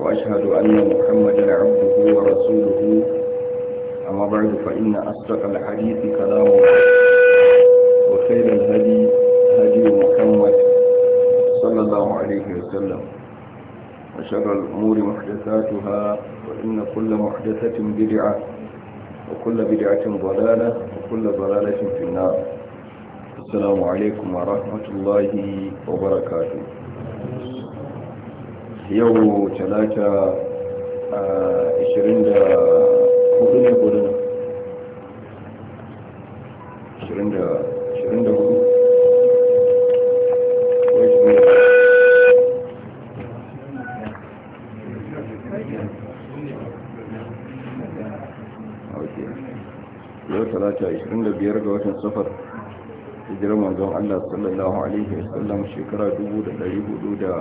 وأشهد أن محمدا عبده ورسوله أما بعد فإن أصدق الحديث كلام وخير الهدي هدي محمد صلى الله عليه وسلم وشر الأمور محدثاتها وإن كل محدثة بدعة وكل بدعة ضلالة وكل ضلالة في النار السلام عليكم ورحمة الله وبركاته yau talata 24 ne gudun 24 yau talata 25 ga watan safar jirgin wanzan allah sallallahu alaihi wasallam shekara da.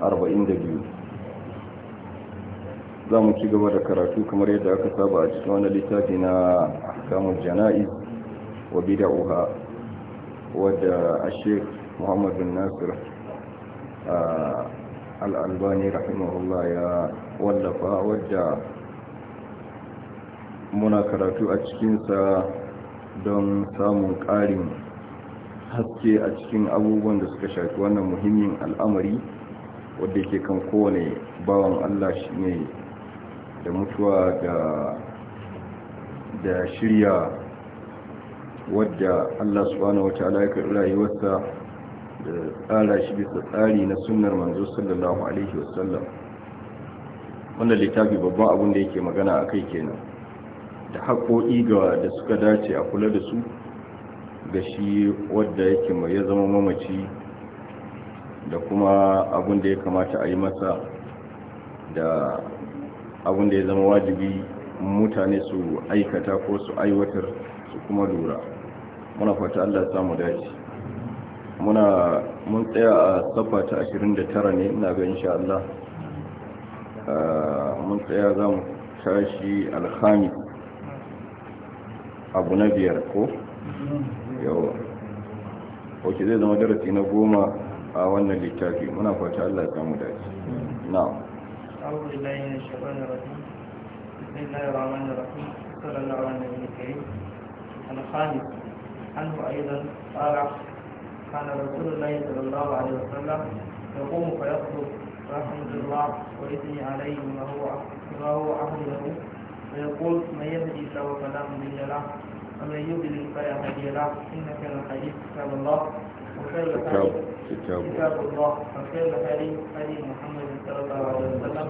42 za mu ci gaba da karatu kamar yadda aka saba a cikin wani littafi na kamun jana'iz wa uha wadda ashek muhammadu nasir al'albani rahimahullah ya wallafa wadda muna karatu a cikinsa don samun ƙarin haske a cikin abubuwan da suka shafi wannan muhimmin al'amari wadda yake kan kowane bawan Allah shi ne da mutuwa da shirya wadda Allah subhanahu wa ta'ala ya karɓi rayuwarsa da tsara shi bisa tsari na sunnar manzo sallallahu alaihi wasallam Wanda littafi babban abin da yake magana a kai kenan da haƙoƙi ga da suka dace a kula da su ga shi wadda yake mai ya zama mamaci da kuma abin da ya kamata a yi masa da abin da ya zama wajibi mutane su aikata ko su aiwatar su kuma lura muna fata allah samu dace muna mun tsaya a safa ta 29 ne ina ga insha allah mun tsaya za mu tashi alhamis abu na biyar ko yawa ok zai zama darasi na goma a wannan littafi muna fata Allah ya samu dace na'am أعوذ بالله من الشيطان الرجيم بسم الله الرحمن الرحيم صلى الله على النبي الكريم الخامس عنه أيضا قال كان رسول الله صلى الله عليه وسلم يقوم فيخطب رحمة الله وإذني عليه ما هو ما هو عهد له ويقول من يهدي فهو فلا مضل له ومن يضلل فلا هادي له إنك الحديث كتاب الله كتاب كتاب كتاب الله وخير الهدي هدي محمد صلى الله عليه وسلم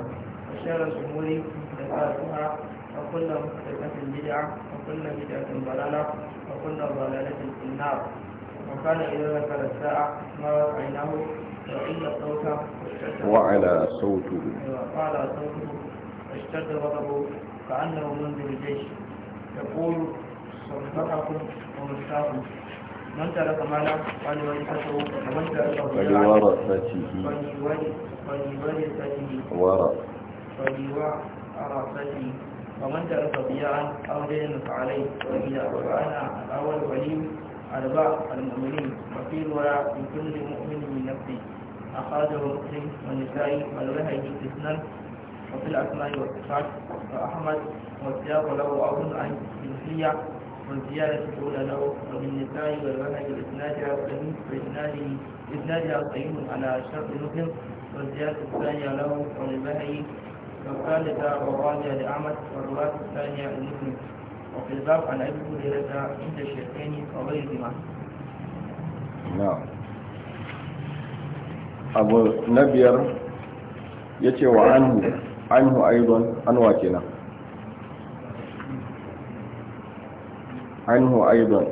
وشر الامور محدثاتها وكل مختلفة بدعة وكل بدعة ضلالة وكل ضلالة في النار وكان إذا ذكر الساعة ما عيناه وعند صوته وعلى صوته أيوة، وعلى صوته واشتد غضبه كأنه منذ الجيش يقول صدقكم ومشتاقكم من ترك مالا فلورثته ومن ترك فلورثته فلورثته ومن ترك ضياعا او دين فعليه واذا وكان الاول ولي اربع المؤمنين وفي روايه لكل مؤمن من نفسه اخرجه مسلم والنسائي والبهجي حسنا وفي الاسماء والصفات فاحمد والسياق له اظن عن جنسيه والزيادة الأولى له ومن النساء والمنهج بإسنادها صحيح بإسناده إسنادها صحيح على شرط مسلم والزيادة الثانية له وللبهي والثالثة والرابعة لأعمد والرواة الثانية للمسلم وفي الباب عن أبي هريرة عند الشيخين وغيرهما. نعم. أبو نبير يتي وعنه عنه أيضا أنواع كنا عنه أيضا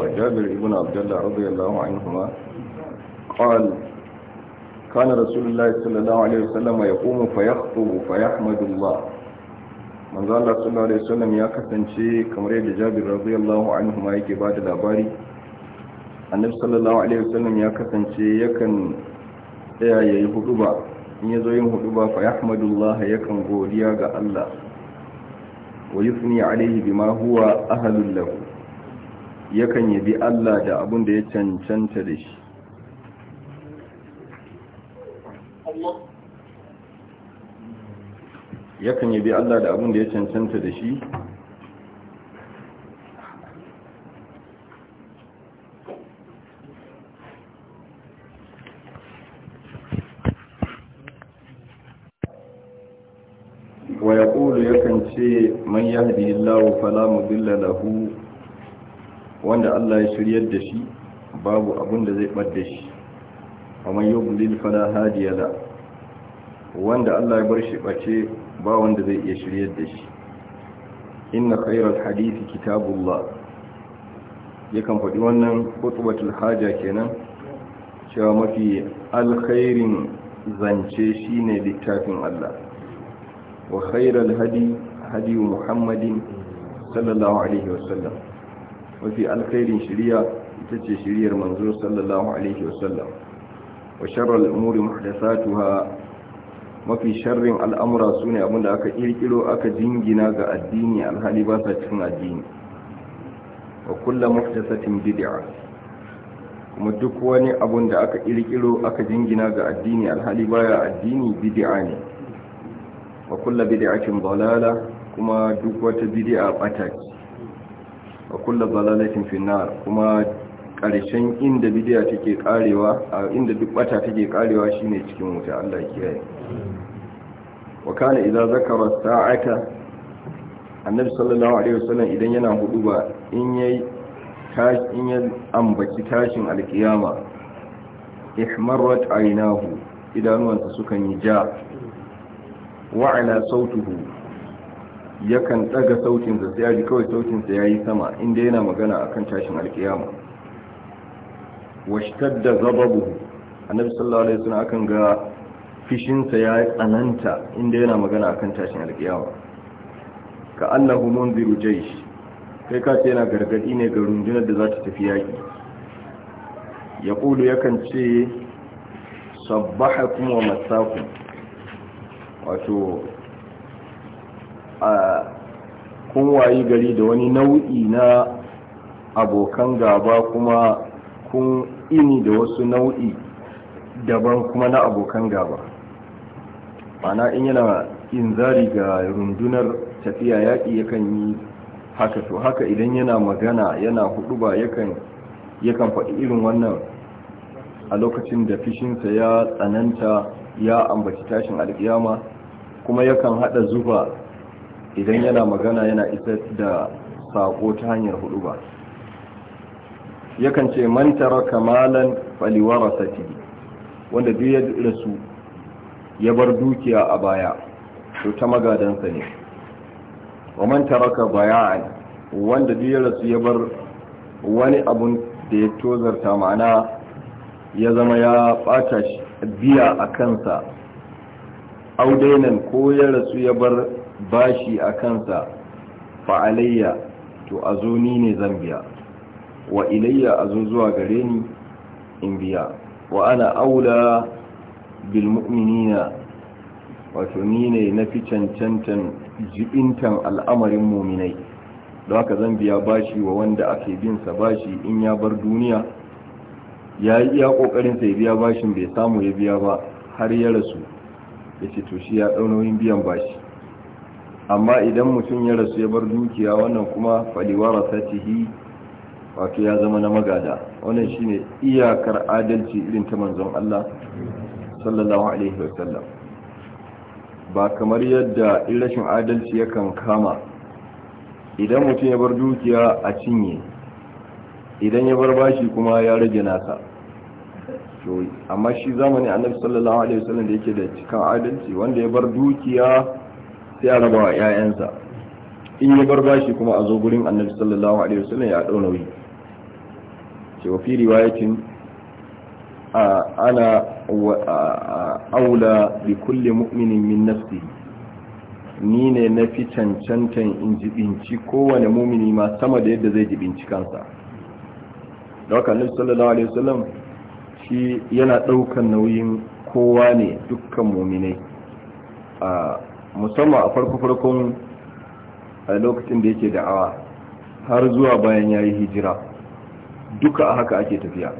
وجابر بن عبد الله رضي الله عنهما قال كان رسول الله صلى الله عليه وسلم يقوم فيخطب فيحمد الله من ذا الله صلى الله عليه وسلم يا كسنشي كمري جابر رضي الله عنهما يكي بعد الأباري annabi sallallahu alaihi wasallam ya kasance yakan tsaya yayi huduba in yazo yin huduba fa yahmadullah yakan godiya ga Allah wa yusni alaihi bima huwa ahlul lahu yakan yabi Allah da abun da ya cancanta da shi yakan yabi Allah da abun da ya cancanta da shi الله فلا مضل له wanda Allah ya shiryar da shi babu abin da zai bar shi amma yubdil fala hadiya la wanda Allah ya bar shi bace ba wanda zai iya shirya da shi inna khayral hadisi kitabullah yakan faɗi wannan khutbatul haja kenan cewa mafi alkhairin zance shine littafin Allah wa khayral hadi hadi Muhammadin sallallahu alaihi wasallam mafi alkhairin shiriya ita ce shiriyar manzo sallallahu alaihi wasallam wa sharral umuri muhdathatuha mafi sharrin al'amura sune abinda aka kirkiro aka jingina ga addini alhali ba sa cikin addini wa kullu muhdathatin bid'a kuma duk wani abun da aka kirkiro aka jingina ga addini alhali baya addini bid'a ne wa kullu bid'atin dalala kuma duk wata bidi'a bata ce wa kullu dalalatin fi kuma karshen inda bidi'a take karewa a inda duk bata take karewa shine cikin wuta Allah ya kiyaye wa kana idza zakara sa'ata annabi sallallahu alaihi wasallam idan yana ba, in yayi tashi in yayi ambaci tashin alkiyama ihmarat aynahu idanuwansa sukan yi ja wa ala sautuhu yakan daga sautinsa sai ya ji kawai sautinsa ya yi sama inda yana magana akan tashin alkiyama washtadda zababu annabi sallallahu alaihi wasallam akan ga fishinsa ya tsananta inda yana magana akan tashin alkiyama ka annahu munziru jaysh kai ka ce yana gargadi ne ga rundunar da za ta tafi yaki ya kulu yakan ce sabbahakum wa masakum wato a kun wayi gari da wani nau'i na abokan gaba kuma kun ini da wasu nau'i daban kuma na abokan gaba mana in yana zari ga rundunar tafiya yaƙi yakan yi haka to haka idan yana magana yana huduba yakan yakan faɗi irin wannan a lokacin da fishinsa ya tsananta ya ambaci tashin alƙiyama kuma yakan haɗa zuba idan yana magana yana isa da sako ta hanyar hudu ba yakan ce man malam malan Sati, wanda duk ya rasu ya bar dukiya a baya to ta magadansa ne wa man ka baya'an wanda duk ya rasu ya bar wani abun da ya tozarta ma'ana ya zama ya ɓata biya a kansa audainan ko ya rasu ya bar bashi a kansa fa'alayya to a zo ni ne zan biya wa ilayya a zo zuwa gare ni in biya wa ana aula bilmu'minina wato ni ne na fi cancantan jibintan al'amarin muminai don haka zan biya bashi wa wanda ake binsa bashi in ya bar duniya ya yi iya kokarin sai biya bashin bai samu ya biya ba har ya rasu ya ce to shi ya ɗaunoyin biyan bashi amma idan mutum ya rasu ya bar dukiya wannan kuma faliwara ta tihi wato ya zama na magada wannan shine iyakar adalci irin ta manzon Allah sallallahu alaihi wasallam ba kamar yadda rashin adalci yakan kama idan mutum ya bar dukiya a cinye idan ya bar bashi kuma ya rage nasa amma shi zamani annabi sallallahu alaihi wasallam da yake da cikan adalci wanda ya bar dukiya sai a raba wa 'ya'yansa in ya bar bashi kuma a zo gurin annabi sallallahu alaihi wasallam ya dau nauyi ce wa fi riwayatin ana aula bi kulli mu'minin min nafsi ni ne na fi cancantan in jibinci kowane mumini ma sama da yadda zai jibinci kansa da haka annabi sallallahu alaihi wasallam shi yana daukan nauyin kowa ne dukkan muminai a musamman a farko-farkon a lokacin da yake da'awa har zuwa bayan ya yi hijira duka a haka ake tafiya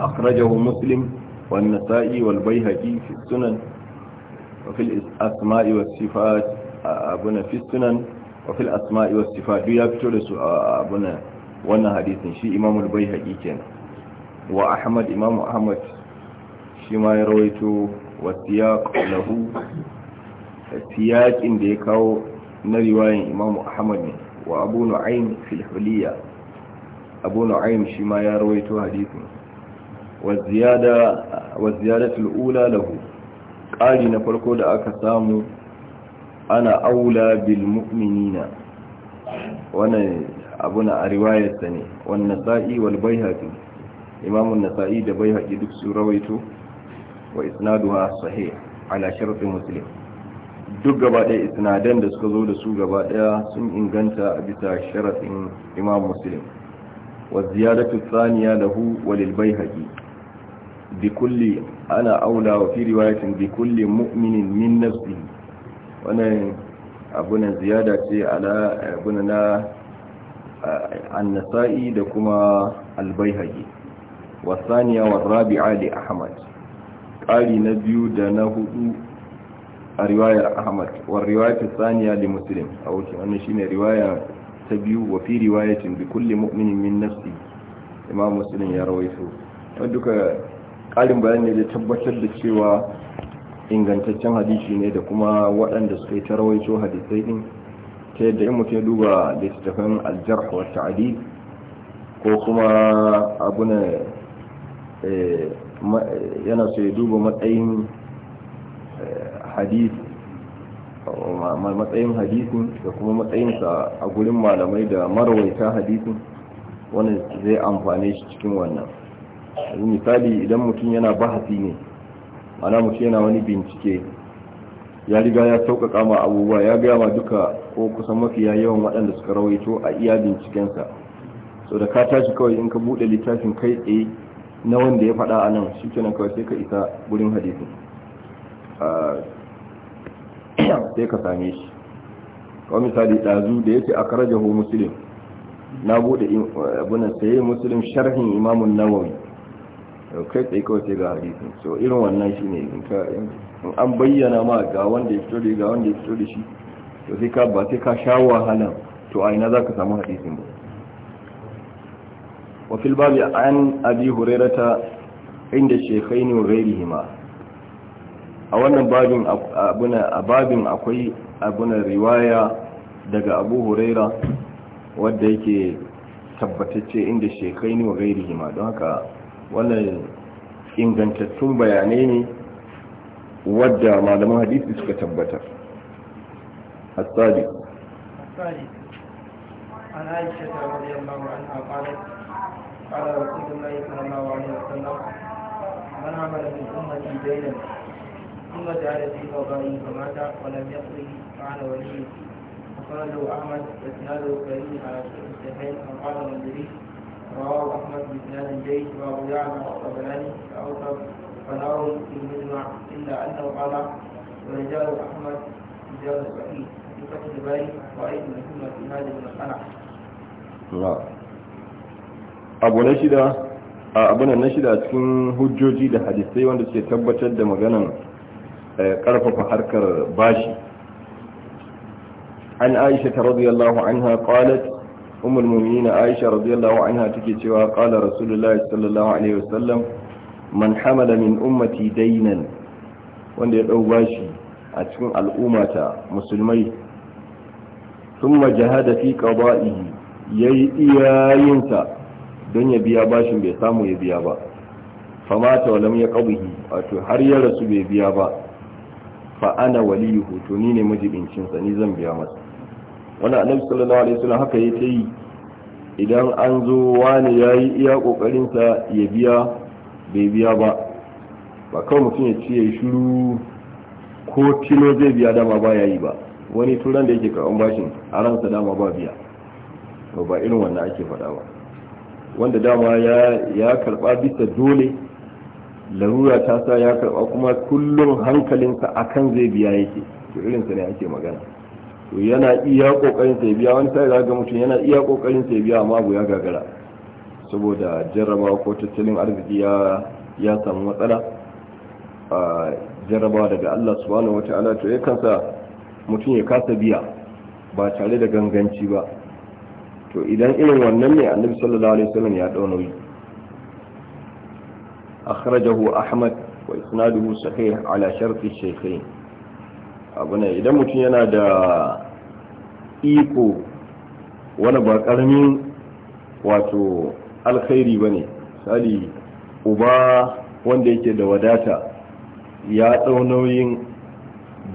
akhrajahu muslim wal nasa'i wal bai haƙi fistunan wa asma'i was sifat abuna wa ya fito da su abuna wannan hadisin shi imam al baihaqi kenan wa ahmad imam ahmad shi ma ya rawaito wasiyaq lahu siyaƙin da ya kawo na riwayan imamu ahmad ne wa abu nu'aym fil huliya abu nu'aym shi ma ya rawaito hadisin wa ziyada wa ziyadatul ula lahu ƙari na farko da aka samu ana aula bil mu'minina wannan abu na a riwayarsa ne wannan sa'i wal baihaqi imamun nasa'i da baihaqi duk su rawaito wa isnaduha sahih ala shartin muslim duk gaba ɗaya isnadan da suka zo da su gaba ɗaya sun inganta a bisa sharaɗin imam muslim wa ziyadatu thaniya lahu walil baihaqi bi kulli ana aula wa fi riwayatin bi kulli mu'minin min nafsihi wannan na ziyada ce ala na nasai da kuma al-baihaqi wa saniya wa rabi'a li ahmad qali na biyu da na hudu a riwayar ahmad wa riwayatul thaniya li muslim a wuce wannan shine riwaya ta biyu wa fi riwayatin bi kulli mu'minin min nafsi imam muslim ya rawaito duka ƙarin bayani ne da tabbatar da cewa ingantaccen hadisi ne da kuma waɗanda suka yi ta rawaito hadisai din ta yadda in mutum ya duba littafin aljarh wa ta'dil ko kuma abuna eh, eh, yana so ya duba matsayin hadith matsayin hadisin da kuma matsayinsa a gurin malamai da marawaita hadisi wani zai amfane shi cikin wannan misali idan mutum yana bahasi ne ana mutum yana wani bincike ya riga ya sauƙaƙa ma abubuwa ya gaya ma duka ko kusan mafiya yawan waɗanda suka rawaito a iya bincikensa so da ka tashi kawai in ka buɗe littafin kai tsaye na wanda ya faɗa a nan shi kenan kawai sai ka isa gurin hadisin ah, sai ka same shi kawai misali ɗazu da yake a karajahu musulun na bude abunan sayi musulun sharhin imamun nawawi kai tsaye kawai sai ga harisun so irin wannan shi ne in an bayyana ma ga wanda ya fito da ga wanda ya fito da shi to sai ka ba sai ka sha wahala to a ina za ka samu harisun ba an abi عن inda هريرة عند الشيخين وغيرهما a wannan babin abuna a babin akwai abuna riwaya daga abu huraira wadda yake tabbatacce inda shekaini ne wa gairi don haka wannan ingantattun bayanai ne wadda malaman hadisi suka tabbatar الثالث الثالث عن عائشة رضي الله عنها قالت قال رسول الله صلى الله عليه وسلم من عمل من أمتي دينا ثم جعل في قضائه فمات ولم يقضه فعل وليه له احمد واسناده كريم على شيخ الشيخين وقال المنذري رواه احمد باسناد جيد وابو يعلى الطبراني فاوثق فنروا في المجمع الا انه قال ورجال احمد رجال الوحيد في فتح الباري وايضا الحكمه في هذه المساله. نعم. abu na shida a abunan na shida cikin hujjoji da hadisai wanda suke tabbatar da maganan karfafa harkar bashi an aisha ta radiyallahu anha qalat ummul mu'minin aisha radiyallahu anha take cewa qala rasulullahi sallallahu alaihi wasallam man hamala min ummati dainan wanda ya dau bashi a cikin al'ummata musulmai thumma jahada fi qada'ihi yayi iyayinsa don ya biya bashin bai samu ya biya ba famata wa lam ya qabihi wato har ya rasu bai biya ba fa ana waliyuhu hoto ni ne majibincin sa ni zan biya masa wannan annabi sallallahu alaihi wasallam haka yake yi idan an zo wani yayi iya kokarin sa ya biya bai biya ba ba kawai mutum ya ce yayi shiru ko tilo zai biya dama ba yayi ba wani turan da yake karban bashin a ransa dama ba biya ba irin wannan ake faɗa ba wanda dama ya ya karɓa bisa dole larura ta sa ya karba kuma kullum hankalinsa a kan zai biya yake to irinsa ne ake magana to yana iya kokarin sai biya wani sai ga mutum yana iya kokarin sai biya amma abu ya gagara saboda jarraba ko tattalin arziki ya ya samu matsala a jarraba daga Allah subhanahu wataala to yakan sa mutum ya kasa biya ba tare da ganganci ba to idan irin wannan ne annabi sallallahu alaihi wasallam ya dauna nauyi akhrajahu ahmad wa isnaduhu sahih ala sharti shaykhain idan mutum yana da iko wani ba karamin wato alkhairi bane ne uba wanda yake da wadata ya ɗau nauyin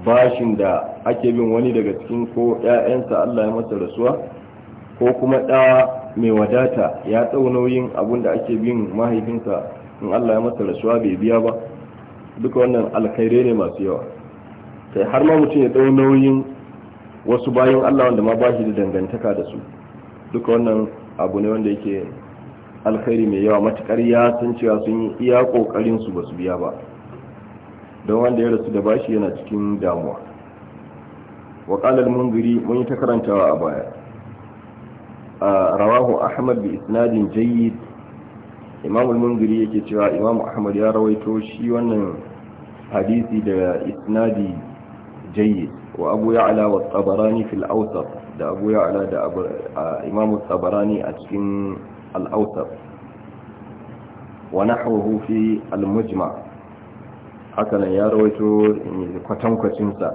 bashin da ake bin wani daga cikin ko 'ya'yansa allah ya masa rasuwa ko kuma ɗa mai wadata ya ɗau nauyin abin da ake bin mahaifinsa in Allah ya masa rasuwa bai biya ba duka wannan alkhairai ne masu yawa kai har ma mutum ya dau nauyin wasu bayan Allah wanda ma ba da dangantaka da su duka wannan abu ne wanda yake alkhairi mai yawa matukar ya san cewa sun yi iya kokarin su basu biya ba don wanda ya rasu da bashi yana cikin damuwa wa qala al-munziri mun yi ta karantawa a baya rawahu ahmad bi isnadin jayyid imamul al-munziri yake cewa imam ahmad ya rawaito shi wannan hadisi da isnadi jayyid wa abu ya'la wa tabarani fil awsat da abu ya'la da imam tabarani a cikin al-awsat wa nahwuhu fi al-mujma haka nan ya rawaito kwatankwacin sa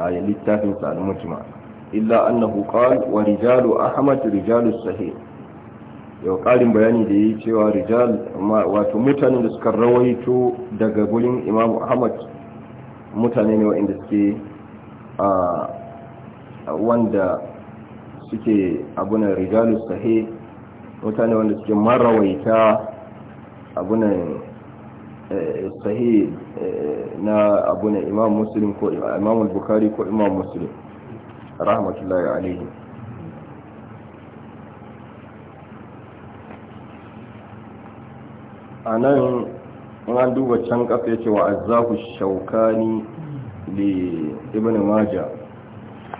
a littafin sa al-mujma illa annahu qala wa rijalu ahmad rijalu sahih yau ƙarin bayani da yi cewa rijal wato mutanen da suka rawaito daga gurin imamu ahmad mutane ne wa'inda suke wanda suke abunan rijalu sahi mutane wanda suke marawaita abunan eh, sahi eh, na abunan imam muslim ko imam bukari ko imam muslim rahmatullahi alaihi a nan an duba can ƙasa ya ce wa azahu shaukani da ibn maja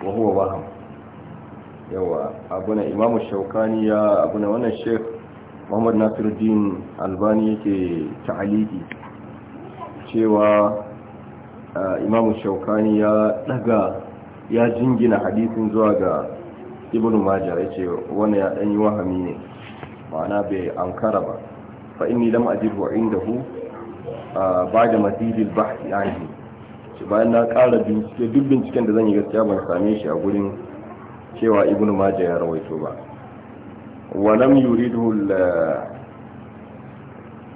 wa huwa waham yawa abuna imamu shaukani ya abuna wannan sheikh muhammad nasiruddin albani yake ta'aliki cewa imamu shaukani ya daga ya jingina hadisin zuwa ga ibn maja ya ce wannan ya ɗanyi wahami ne ma'ana bai ankara ba فإني لم أجده عنده بعد مزيد bayan na ƙara bincike duk binciken da zan yi gaskiya ban same shi a gurin cewa ibn majah ya rawaito ba wa lam yuridu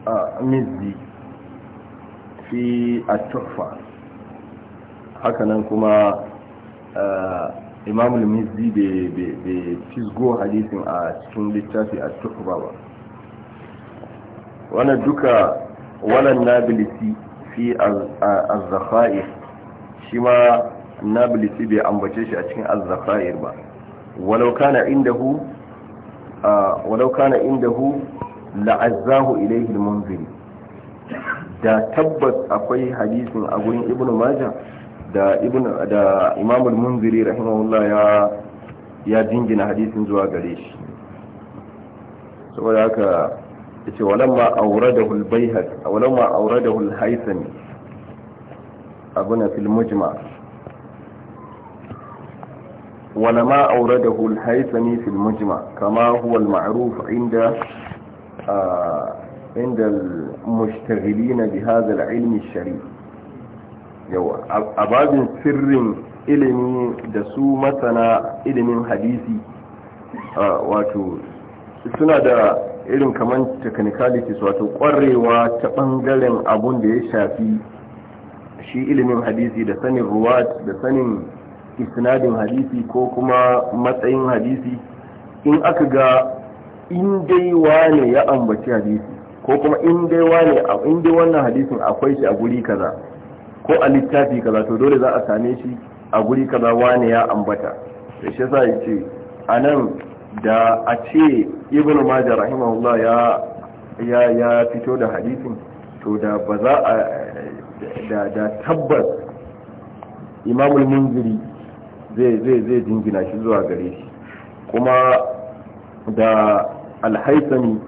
al-mizzi fi at-tuhfa hakanan kuma imam al-mizzi bai fisgo hadisin a cikin littafi at-tuhfa ba wannan duka wannan nabilisi fi az shi ma nabilisi bai ambace shi a cikin az ba walauka na indahu walau la'azzahu da tabbas akwai hadisin a gurin ibnu majah da imamul munziri rahimahullah ya ya jingina hadisin zuwa gare shi saboda haka yace walamma awradahu al-bayhaq walamma awradahu al-haythami abuna fil mujma ولما أورده الهيثمي في المجمع كما هو المعروف عند آه عند المشتغلين بهذا العلم الشريف يو أباب سر إلمي دسو مثلا إلمي حديثي آه واتو سنة irin kamar technicalities wato kwarewa ta bangaren abun da ya shafi shi ilimin hadisi da sanin ruwat da sanin isnadin hadisi ko kuma matsayin hadisi in aka ga in dai wane ya ambaci hadisi ko kuma in dai wane in dai wannan hadisin akwai shi a guri kaza ko a littafi kaza to dole za a same shi a guri kaza wane ya ambata da shi ce yace anan da a ce ibnu majah rahimahullah ya ya ya fito da hadisin to da ba za a da da tabbas imamul munziri zai zai zai jingina shi zuwa gare shi kuma da alhaisami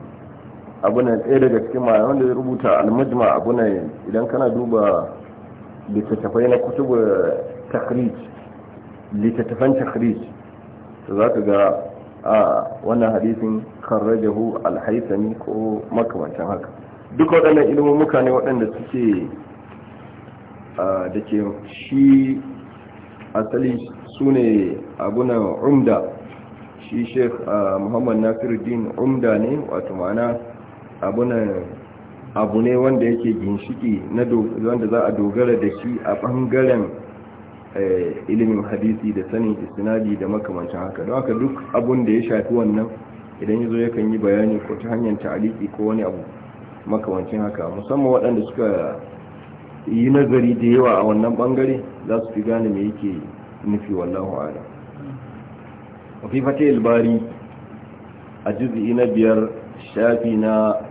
ne ɗaya daga cikin ma wanda ya rubuta almajma ne idan kana duba littattafai na kutubu eh, takhrij littattafan takhrij za ka ga a wannan hadisin kan hu alhaisami ko makamancin haka duk waɗannan ilimin muka ne waɗanda suke da ke shi asali su ne abunan umda shi sheikh muhammad nasiruddin umda ne wato ma'ana abunan abu ne wanda yake ginshiki na wanda za a dogara da shi a ɓangaren Eh, ilimin hadisi da sanin istinadi da makamancin haka don haka duk abun da ya shafi wannan idan yazo yakan yi bayani ko ta hanyar ta'aliki ko wani abu makamancin haka musamman waɗanda suka yi nazari da yawa a wannan bangare za su fi gane me yake nufi wallahu a'lam wa fi bari a juz'i na biyar shafi na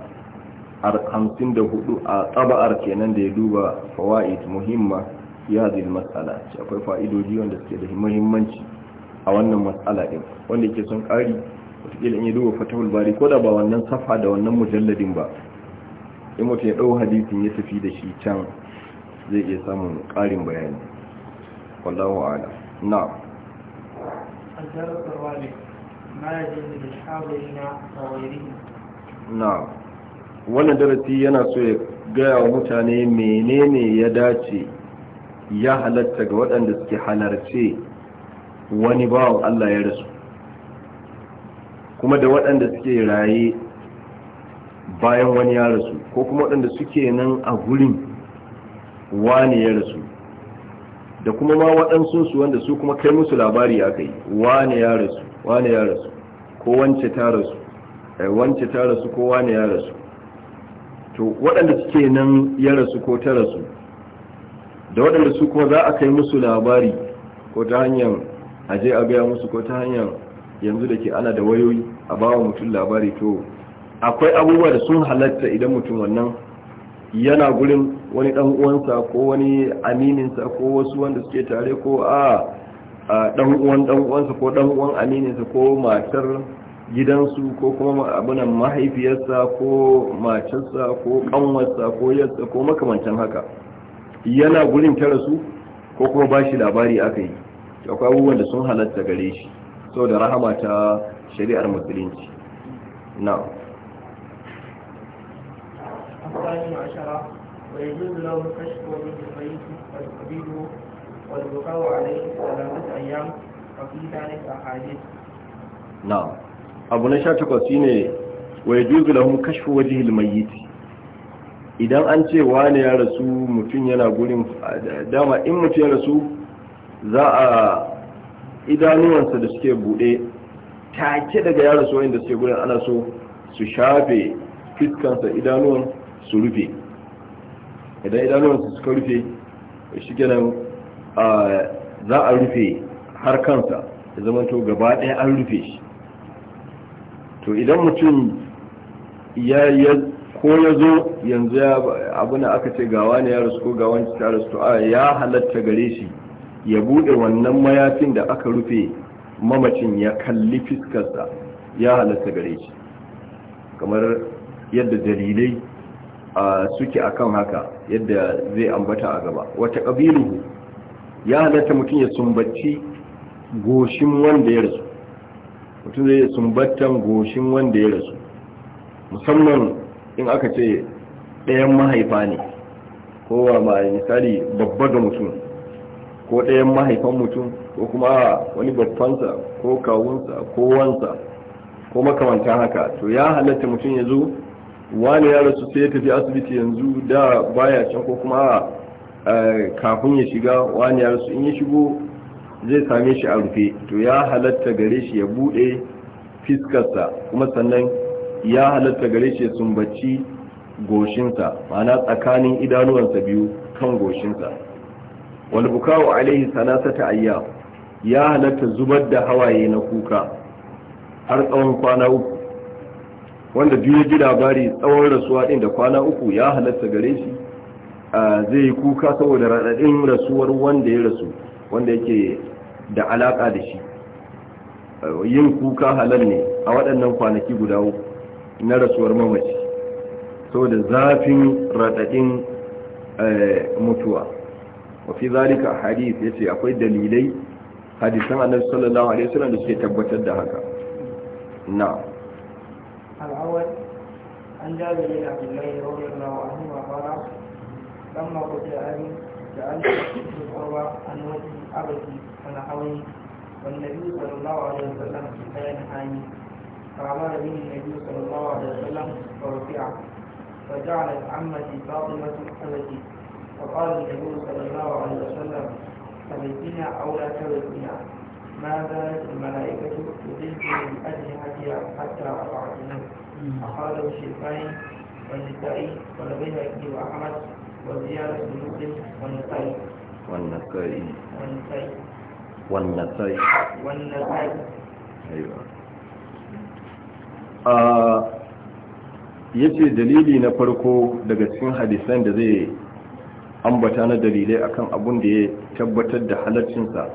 hamsin da hudu a tsaba'ar kenan da ya duba fawaid muhimma ya zai matsala ce akwai fa'idoji wanda suke da muhimmanci a wannan matsala ɗin wanda ke son ƙari wataƙila in ya duba fata bari ko da ba wannan safa da wannan mujalladin ba in mutum ya ɗau hadisin ya tafi da shi can zai iya samun ƙarin bayani wallahu ala na wannan darasi yana so ya gaya wa mutane menene ya dace ya halatta ga waɗanda suke halarce wani bawan Allah ya rasu kuma da waɗanda suke raye bayan wani ya rasu ko kuma waɗanda suke nan a gurin wani ya rasu da kuma ma waɗansu su wanda su kuma kai musu labari aka yi wani ya rasu wani ya rasu ko wance ta rasu eh, wance ta rasu ko wani ya rasu to waɗanda suke nan ya rasu ko ta rasu da waɗanda su kuma za a kai musu labari ko ta hanyar aje a gaya musu ko ta hanyar yanzu da ke ana da wayoyi a bawa mutum labari to akwai abubuwa da sun halatta idan mutum wannan yana gurin wani dan uwansa ko wani amininsa ko wasu wanda suke tare ko a dan uwan dan uwansa ko dan uwan amininsa ko matar gidansu ko kuma abunan mahaifiyarsa ko matarsa ko kanwarsa ko yarsa ko makamancin haka yana gurin tara su ko kuma ba shi labari aka yi akwai abubuwan da sun halatta gare shi sau da rahama ta shari'ar musulunci na abu na sha takwas shi ne wa yi juzu lahun kashfu wajihil mayiti idan an ce wane ya rasu mutum yana gurin dama in mutum ya rasu za a idanuwansa da suke bude take daga ya rasu wanda suke gurin ana so su shafe fiskansa idanuwan su rufe idan idanuwansa suka rufe shi kenan za a rufe har kansa zama to gaba ɗaya an rufe shi to idan mutum ya ko ya zo yanzu abu na aka ce gawa ne ya rasu ko gawan ta rasu a ya halatta gare shi ya bude wannan mayafin da aka rufe mamacin ya kalli fiskarsa ya halatta gare shi kamar yadda dalilai suke akan haka yadda zai ambata a gaba wata ƙabilu ya halatta mutum ya sumbaci goshin wanda ya rasu mutum zai sumbatan goshin wanda ya rasu musamman in aka ce ɗayan mahaifa ne kowa ma misali babba ga mutum ko ɗayan mahaifan mutum ko kuma wani babbansa ko kawunsa ko wansa ko makamanta haka to ya halatta mutum ya zo wani ya rasu sai ya tafi asibiti yanzu da baya can ko kuma eh, kafin ya shiga wani ya rasu in ya shigo zai same shi a rufe to ya halatta gare shi ya buɗe fiskarsa kuma sannan ya halatta gare shi sumbaci goshinsa ma'ana tsakanin idanuwansa biyu kan goshinsa wal bukawu alaihi ta ayyam ya halatta zubar da hawaye na kuka har tsawon kwana uku wanda biyu ji labari tsawon rasuwa ɗin da kwana uku ya halatta gare shi zai yi kuka saboda raɗaɗin rasuwar wanda ya rasu wanda yake da alaƙa da shi yin kuka halal ne a waɗannan kwanaki guda uku na rasuwar mamaci saboda zafin raɗaɗin eh, mutuwa wafi zalika hadith ya ce akwai dalilai hadisan annabi sallallahu alaihi wasallam da suke tabbatar da haka na al'awwal an jabi bin abdullahi radiyallahu anhu wa qala lamma qutila ali ja'altu fi da an wajhi abdi wa nahwi wan nabi sallallahu alaihi wasallam kana hani فعمل به النبي صلى الله عليه وسلم فرفعه فجعلت عمتي فاطمة تبكي فقال النبي صلى الله عليه وسلم تبكينا أو لا تبكينا ما زالت الملائكة تضيق من اجل حتى رفعت منه أخرجه الشيخين والنسائي ابن أحمد وزيارة بن مسلم والنسائي والنسائي والنسائي والنسائي والنسائي أيوه ya ce dalili na farko daga cikin hadisan da zai ambata na dalilai akan abun da ya tabbatar da halarcinsa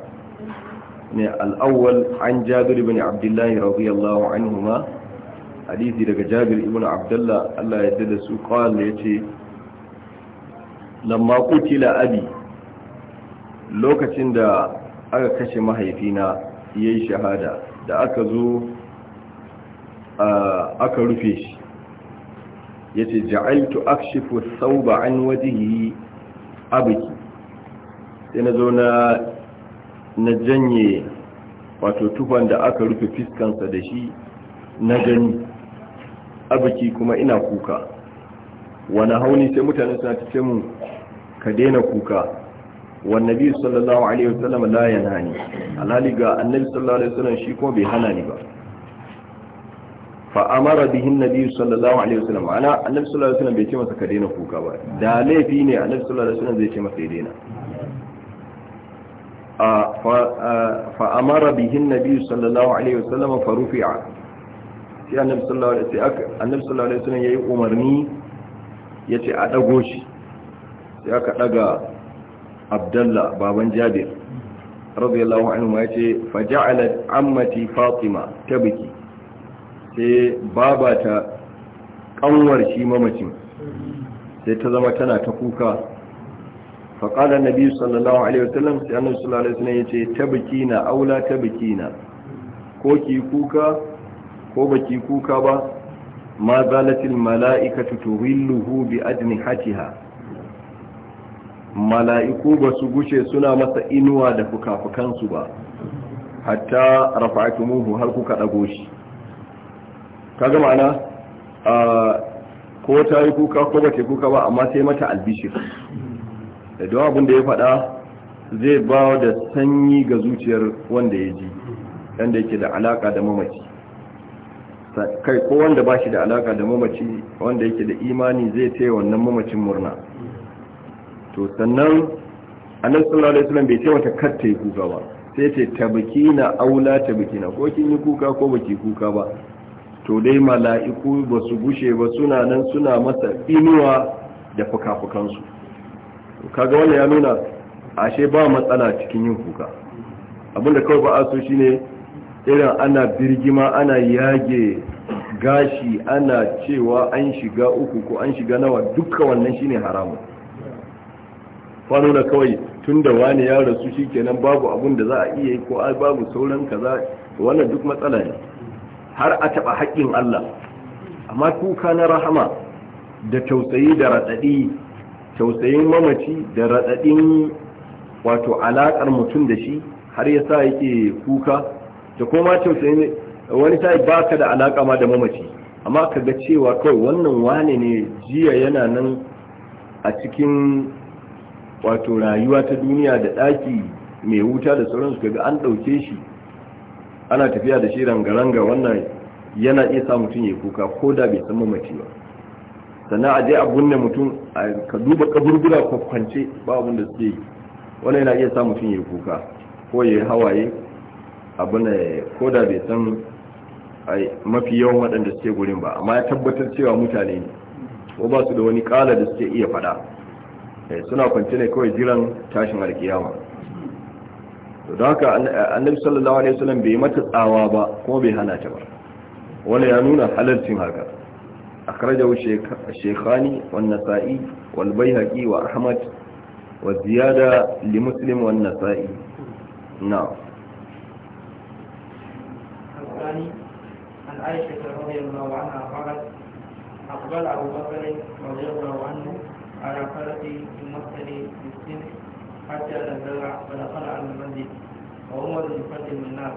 ne al'awwal an jabir ibn abdullahi radiyallahu anhuma hadisi daga jabir ibn abdullah Allah ya dada su qala yace lamma qutila abi lokacin da aka kashe mahaifina yayi shahada da aka zo aka rufe shi ya ce ja'altu akshifu sauba an wajihi abiki sai na zo na janye wato tufan da aka rufe fiskansa da shi na gani abiki kuma ina kuka wani hauni sai mutane suna ta ce mu ka daina kuka wani nabi sallallahu alaihi wasallam la ne? alhali ga annabi sallallahu alaihi wasallam shi kuma bai hana ni ba fa amara bihi nabi sallallahu alaihi wasallam ana annabi sallallahu alaihi wasallam bai ce masa ka daina kuka ba da laifi ne annabi sallallahu alaihi wasallam zai ce masa ya daina fa amara bihi nabi sallallahu alaihi wasallam fa rufi'a sai annabi sallallahu alaihi wasallam annabi sallallahu alaihi wasallam yayi umarni yace a dago shi sai aka daga abdullah baban jabir radiyallahu anhu ma yace fa ja'alat ammati fatima tabki sai baba ta kanwar shi mamacin sai ta zama tana ta kuka faƙaɗa nabi sallallahu alaihi wasallam sai annabi sallallahu alaihi wasallam yace na aula na. ko ki kuka ko ba ki kuka ba ma zalatil mala'ikatu tuwilluhu bi ajnihatiha mala'iku ba su gushe suna masa inuwa da fukafukansu ba hatta rafa'atumuhu har kuka ɗago shi kaga ma'ana ko ta yi kuka ko ba ta kuka ba amma sai mata albishir da don abin da ya faɗa zai ba da sanyi ga zuciyar wanda ya ji wanda yake da alaka da mamaci kai ko wanda ba shi da alaka da mamaci wanda yake da imani zai taya wannan mamacin murna to sannan annabi sallallahu bai ce wata katta yi kuka ba sai ce na aula na, ko kin yi kuka ko baki kuka ba to dai mala'iku ba su gushe ba suna nan suna masa inuwa da fuka-fukansu kaga wannan ya nuna ashe ba matsala cikin yin kuka abinda kawai ba a so shine irin ana birgima ana yage gashi ana cewa an shiga uku ko an shiga nawa duka wannan shine haramun da kawai tun da wani ya rasu shi kenan babu abun da za a iya yi ko babu sauran kaza wannan duk matsala ne har a taɓa haƙƙin Allah amma kuka na rahama da tausayi da raɗaɗi tausayin mamaci da raɗaɗin wato alaƙar mutum da shi har ya sa yake kuka da kuma tausayin wani ta ba ka da alaƙa ma da mamaci amma ka ga cewa kawai wannan wane ne jiya yana nan a cikin wato rayuwa ta duniya da ɗaki mai wuta da sauransu kaga an ɗauke shi ana tafiya da shi rangaranga wannan yana iya sa mutum ya kuka ko da bai san mamaci ba sannan a je a bunne mutum ka duba kaburbura ko kwance ba abin da suke yi wani yana iya sa mutum ya kuka ko ya hawaye abin da ko da bai san mafi yawan waɗanda suke gurin ba amma ya tabbatar cewa mutane ne ko ba su da wani kala da suke iya faɗa eh, suna kwance ne kawai jiran tashin alkiyama to da haka annabi sallallahu alaihi wasallam bai mata tsawa ba kuma bai hana ta ba wala ya nuna halalcin haka akraja shaykhani wan nasa'i wal bayhaqi wa ahmad wa ziyada li muslim wan nasa'i na'am عائشة رضي الله عنها قالت أقبل أبو بكر رضي الله عنه على فرسه muslim مسجد السن حتى نزل فدخل على المسجد وهو الذي يقدم الناس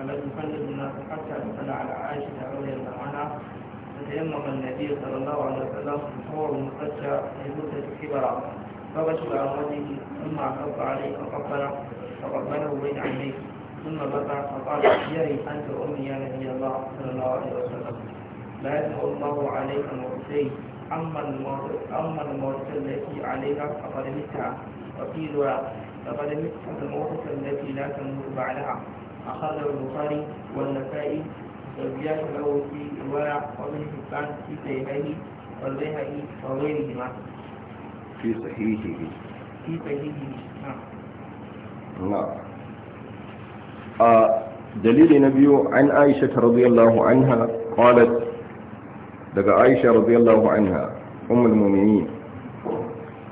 الذي يقدم الناس حتى دخل على عائشة رضي الله عنها فتيمم النبي صلى الله عليه وسلم هو المفتشى لمدة كبرى فبشر عن وجهه ثم أخف عليه فقبله فقبله بين عينيه ثم بكى فقال يري أنت أمي يا نبي الله صلى الله عليه وسلم لا يدعو الله عليك مرتين أما المرسل التي عليك فقد متها وقيل فقد نصفت الموقف التي لا تموت بعدها أخرجه البخاري والنسائي وزياد له في الورع وابن حبان في سيفيه والبيهقي وغيرهما في صحيحه في صحيحه نعم نعم آه، دليل النبي عن عائشة رضي الله عنها قالت عائشة رضي الله عنها أم المؤمنين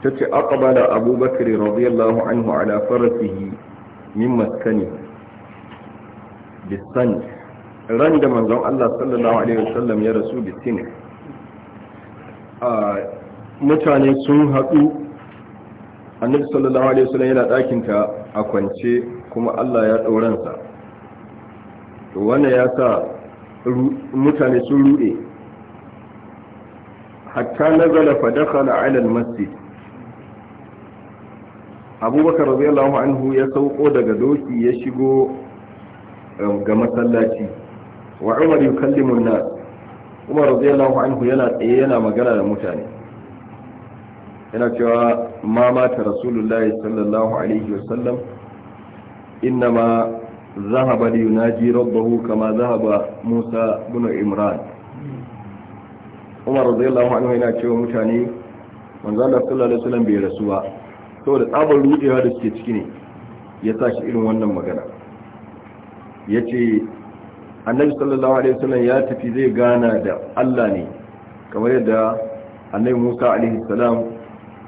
tace aqbala Abu Bakr radiyallahu anhu ala farasihi min maskani bisan ran da manzon Allah sallallahu alaihi wasallam ya rasu bisin a mutane sun haɗu annabi sallallahu alaihi wasallam yana ɗakinta a kwance kuma Allah ya ɗauransa to wannan ya sa mutane sun rude? hatta nazala fa dakhala ala al-masjid abubakar radiyallahu anhu ya sauko daga doki ya shigo um, ga masallaci wa umar yukallimu nas umar radiyallahu anhu yana tsaye yana magana da mutane yana cewa ma mata rasulullahi sallallahu alaihi wasallam innama zahaba liyunaji rabbahu kama zahaba musa bin imran umar radiyallahu anhu yana cewa mutane Wanzan da sallallahu alaihi wasallam bai rasu ba saboda tsabar rudewa da suke ciki ne ya sa irin wannan magana ya ce annabi sallallahu alaihi wasallam ya tafi zai gana da Allah ne kamar yadda annabi Musa alaihi salam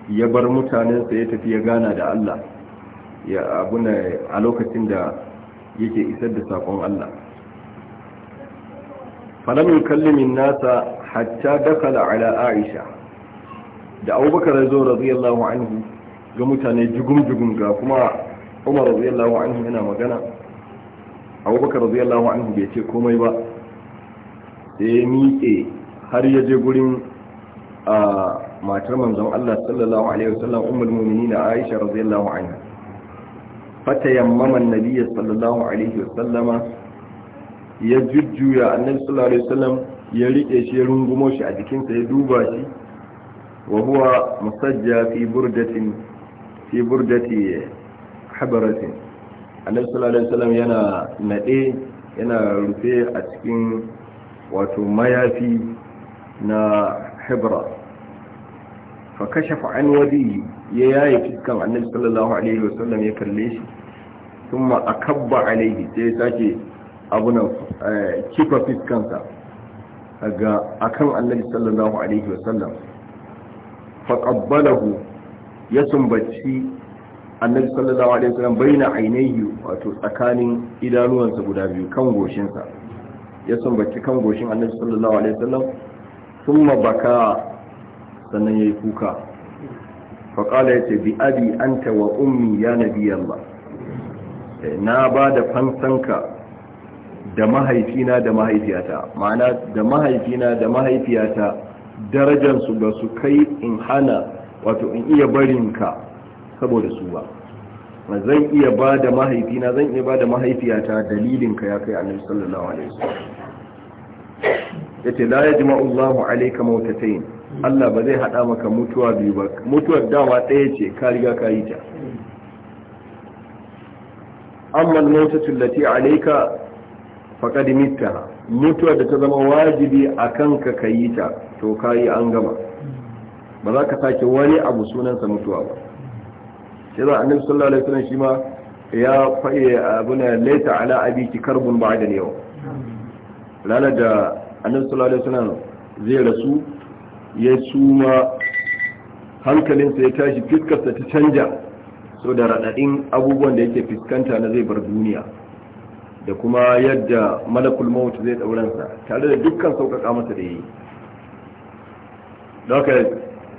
ya bar mutanensa ya tafi ya gana da Allah ya abuna a lokacin da yake isar da sakon Allah falam yukallimin nasa hatta dakala ala Aisha da Abubakar zo radiyallahu anhu ga mutane jugum-jugum ga kuma umar radiyallahu anhu yana magana abubakar radiyallahu anhu bai ce komai ba sai ya miƙe har ya je gurin a matar manzon Allah sallallahu alaihi wasallam ummul mu'minin Aisha radiyallahu anha fatayammama an-nabiy sallallahu alaihi wasallama ya jujjuya annabi sallallahu alaihi wasallam ya rike shi ya rungumo shi a jikinsa ya duba shi wa huwa musajja fi burdatin fi burdati habaratin annabi sallallahu alaihi wasallam yana nade yana rufe a cikin wato mayafi na hibra fa kashafa an wadi ya yayi fiskan annabi sallallahu alaihi wasallam ya kalle shi kuma akabba alaihi sai sake abuna eh, kifa fiskansa ga akan annabi sallallahu alaihi wasallam fa qabbalahu ya sumbaci annabi sallallahu alaihi wasallam baina ainihi wato tsakanin idanuwansa guda biyu kan goshinsa ya sumbaci kan goshin annabi sallallahu alaihi wasallam thumma baka sannan yayi kuka fa qala ce bi abi anta wa ummi ya nabiyallah eh, na ba da fansanka da mahaifina da mahaifiyata ma'ana da mahaifina da mahaifiyata darajarsu ba su kai in hana wato in iya barinka saboda su ba zan iya ba da mahaifina zan iya ba da mahaifiyata dalilinka ya kai annabi sallallahu alaihi wasallam yace la yajma'u Allahu alayka mawtatayn Allah ba zai hada maka mutuwa biyu ba mutuwar dawa ɗaya ce ka riga ka yi ta amma al-mawtatu allati alayka faqad mitta mutuwar da ta zama wajibi akan ka kayi ta to kai an gama ba za ka sake wani abu sunansa mutuwa ba shi za nan sallallahu alaihi wasallam shi ma ya faye abuna laita ala abiki karbun da yau ranar da annab sallallahu alaihi wasallam zai rasu ya suma hankalinsa ya tashi fiskarsa ta canja so da radadin abubuwan da yake fiskanta na zai bar duniya da kuma yadda malakul maut zai ɗauransa tare da dukkan sauƙaƙa masa da yi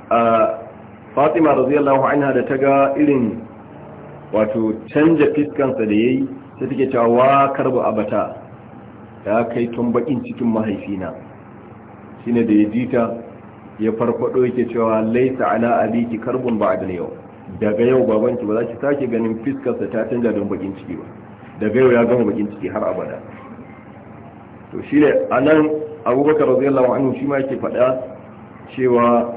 a fatima radiyallahu anha da ta ga irin wato canja fiskansa da yayi ta take cewa wa karbu abata ya kai tun bakin cikin mahaifina shine da ya jita ya farfado yake cewa laisa ala abiki karbun ba'da yau daga yau babanki ba za ki sake ganin fiskarsa ta canja don bakin ciki ba daga yau ya gama bakin ciki har abada to shine anan abubakar radiyallahu anhu shi ma yake faɗa cewa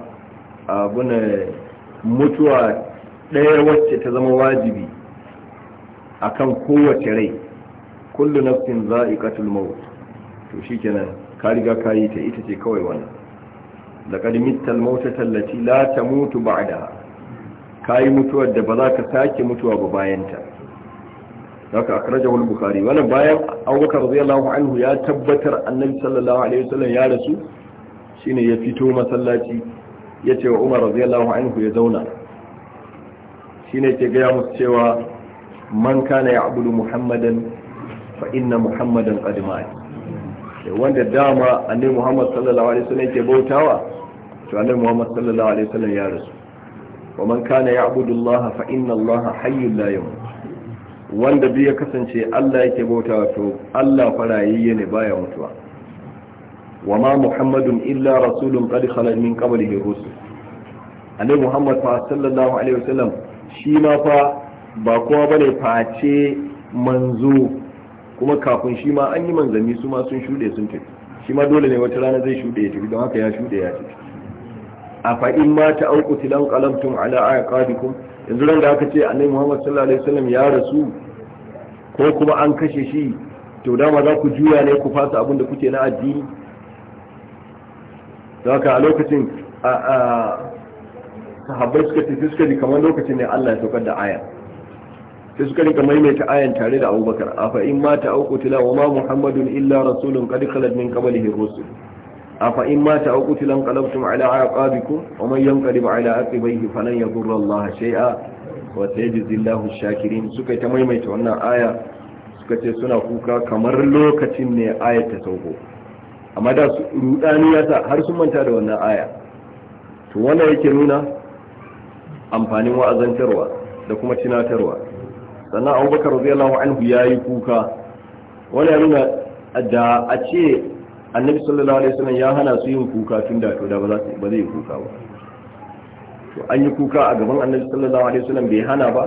abuna mutuwa ɗaya wacce ta zama wajibi akan kowace rai kullu nafsin za'iqatul maut to shikenan ka riga ka yi ta ita ce kawai wannan laqad mittal mautata allati la tamutu ba'daha kai mutuwar da ba za ka sake mutuwa ba bayanta. ta haka akrajahu al-bukhari Wani bayan Abubakar radiyallahu anhu ya tabbatar annabi sallallahu alaihi wasallam ya rasu shine ya fito masallaci ya ce wa umar radiyallahu anhu ya zauna shine ke gaya musu cewa man kana ya abudu muhammadan fa inna muhammadan qad eh, wanda dama annabi muhammad sallallahu alaihi wasallam yake bautawa to annabi muhammad sallallahu alaihi wasallam ya rasu wa man kana ya abudu Allah fa inna Allah hayyul la yamut wanda bi ya kasance Allah yake bautawa to Allah farayayye ne baya mutuwa وما محمد إلا رسول قد خلق من قبله الرسل annabi Muhammad صلى sallallahu alaihi وسلم شيما فا fa ba kowa bane face manzo kuma kafin shi ma an yi manzanni su ma sun shuɗe sun tafi shi ma dole ne wata rana zai shuɗe ya tafi don haka ya shuɗe ya tafi a fa'in ma ta auku tilan qalamtum ala aqabikum yanzu ran da aka ce annabi Muhammad sallallahu alaihi wasallam ya rasu ko kuma an kashe shi to dama za ku juya ne ku fasa abin da kuke na addini da haka a lokacin sahabbai suka tafi suka ji kamar lokacin ne Allah ya saukar da aya sai suka rika maimaita ayan tare da abubakar a fa in mata au qutila wa ma muhammadun illa rasulun qad khalat min qablihi rusul a fa in mata au qutila qalabtum ala aqabikum wa man yanqalib ala aqibihi falan yadurra Allah shay'a wa sayajzi Allahu shakirin suka ta maimaita wannan aya suka ce suna kuka kamar lokacin ne ayat ta sauko amma da rudani ya sa har sun manta da wannan aya to wannan yake nuna amfanin wa'azantarwa da kuma tunatarwa sannan abubakar radiyallahu anhu ya yi kuka wani ya nuna da a ce annabi sallallahu alaihi wasallam ya hana su yin kuka tun da to da ba za su ba zai kuka ba to an yi kuka a gaban annabi sallallahu alaihi wasallam bai hana ba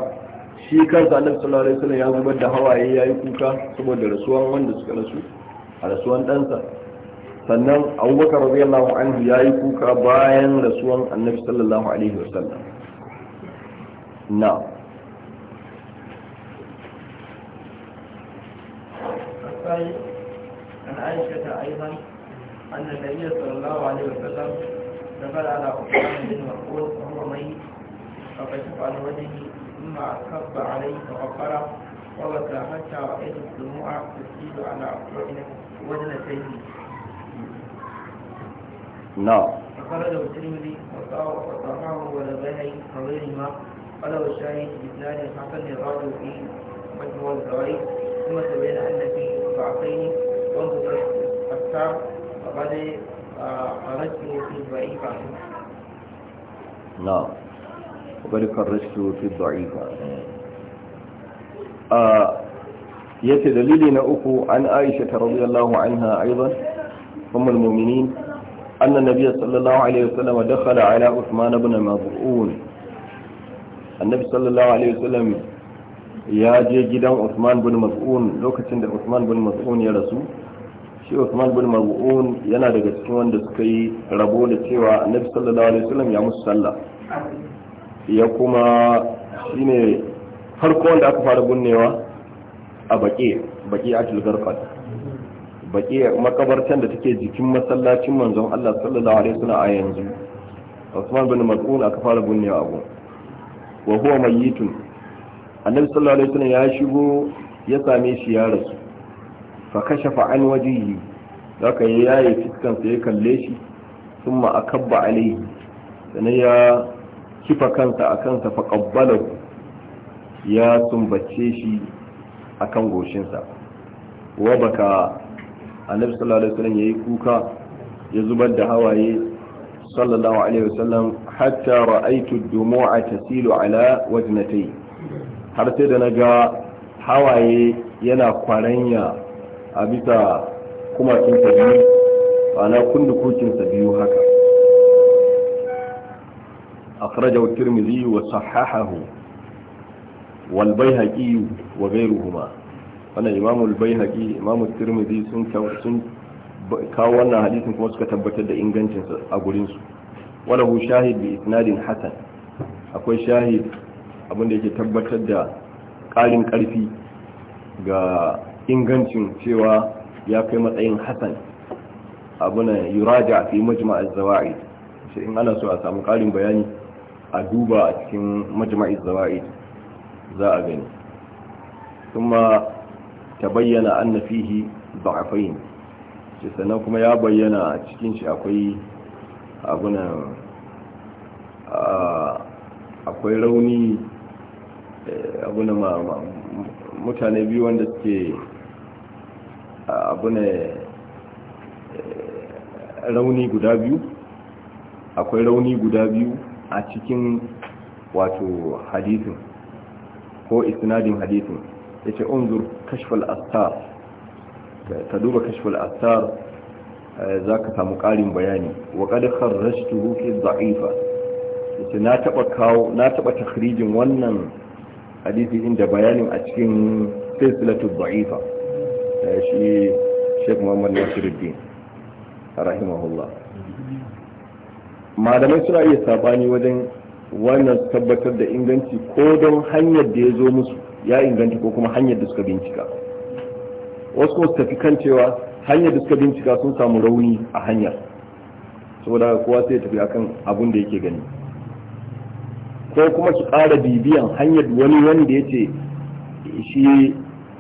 shi kansa annabi sallallahu alaihi wasallam ya zubar da hawaye ya yi kuka saboda rasuwan wanda suka rasu a rasuwan dansa. sannan abubakar radiyallahu anhu ya yi kuka bayan rasuwan annabi sallallahu alaihi wasallam na عن عائشة أيضا أن النبي صلى الله عليه وسلم دخل على عثمان بن مسعود وهو ميت فكشف عن وجهه ثم أصب عليه فغفره وبكى حتى رأيت الدموع تسيل على وجنتيه نعم فخرج الترمذي وصححه والبيهقي وغيرهما قال والشاهد بإسناد حسن الراجل في مجموع الزوائد ثم تبين أن فيه ضعفين وانظر أكثر وقد آه، خرجت في الضعيفة نعم وقد خرجته في الضعيفة yace dalili na uku an aisha ta radiyallahu anha aidan ummul أن النبي صلى الله عليه وسلم دخل على عثمان بن مضعون النبي صلى الله عليه وسلم يا جي جدا عثمان بن مضعون لو كتن عثمان بن مضعون يا رسول shi Usman bin Mabu'un yana daga cikin wanda suka yi rabo da cewa Annabi sallallahu alaihi wasallam ya musu sallah ya kuma shine farko wanda aka fara bunnewa a baki baki atul garqad baƙi makabartan da take jikin masallacin manzon Allah sallallahu alaihi wasallam a yanzu Usman bin Mas'ud aka fara bunnewa abu wa huwa mayyitun annabi sallallahu alaihi wasallam ya shigo ya same shi ya rasu fa kashafa an wajihi zaka yayi fiskan sa ya kalle shi thumma akabba alaihi sai ya kifa kansa a kansa fa qabbala ya sumbace shi akan goshinsa wa baka annabi sallallahu alaihi wasallam yayi kuka ya zubar da hawaye sallallahu alaihi wasallam hatta ra'aytu ad-dumu'a tasilu ala wajnatay har sai da naga hawaye yana kwaranya a bisa kuma kin biyu ana kundukukin sa biyu haka akhrajahu at-tirmidhi wa sahahahu wal bayhaqi wa ghayruhuma wannan imamul bayhaqi imamul tirmidhi sun sun kawo wannan hadisin kuma suka tabbatar da ingancinsa a gurin su hu shahid bi isnadin hasan akwai shahid abin da yake tabbatar da ƙarin karfi ga ingancin cewa ya kai matsayin hasan abuna yuraja fi majma' az-zawaid shi in ana so a samu ƙarin bayani a duba a cikin majma'i az-zawaid za a gani kuma tabayyana anna fihi da'afain shi sannan kuma ya bayyana a cikin shi akwai abunan akwai rauni eh, abunan mutane biyu wanda suke abunan eh, rauni guda biyu akwai rauni guda biyu a cikin wato hadisin ko isnadin hadisin yace unzur kashful astar ka duba kashful astar eh, zaka samu ƙarin bayani wa qad kharrajtuhu fi dha'ifa yace na taɓa takrijin na takhrijin wannan hadisi inda bayanin a cikin silsilatu dha'ifa eh, shi Sheikh Muhammad Nasiruddin rahimahullah malamai suna iya sabani wajen wannan tabbatar da inganci ko don hanyar da ya zo musu ya inganta ko kuma hanyar da suka bincika wasu kuma su tafi kan cewa hanyar da suka bincika sun samu rauni a hanyar saboda kowa sai tafi akan abun da yake gani ko kuma su ƙara bibiyan hanyar wani wanda ya ce shi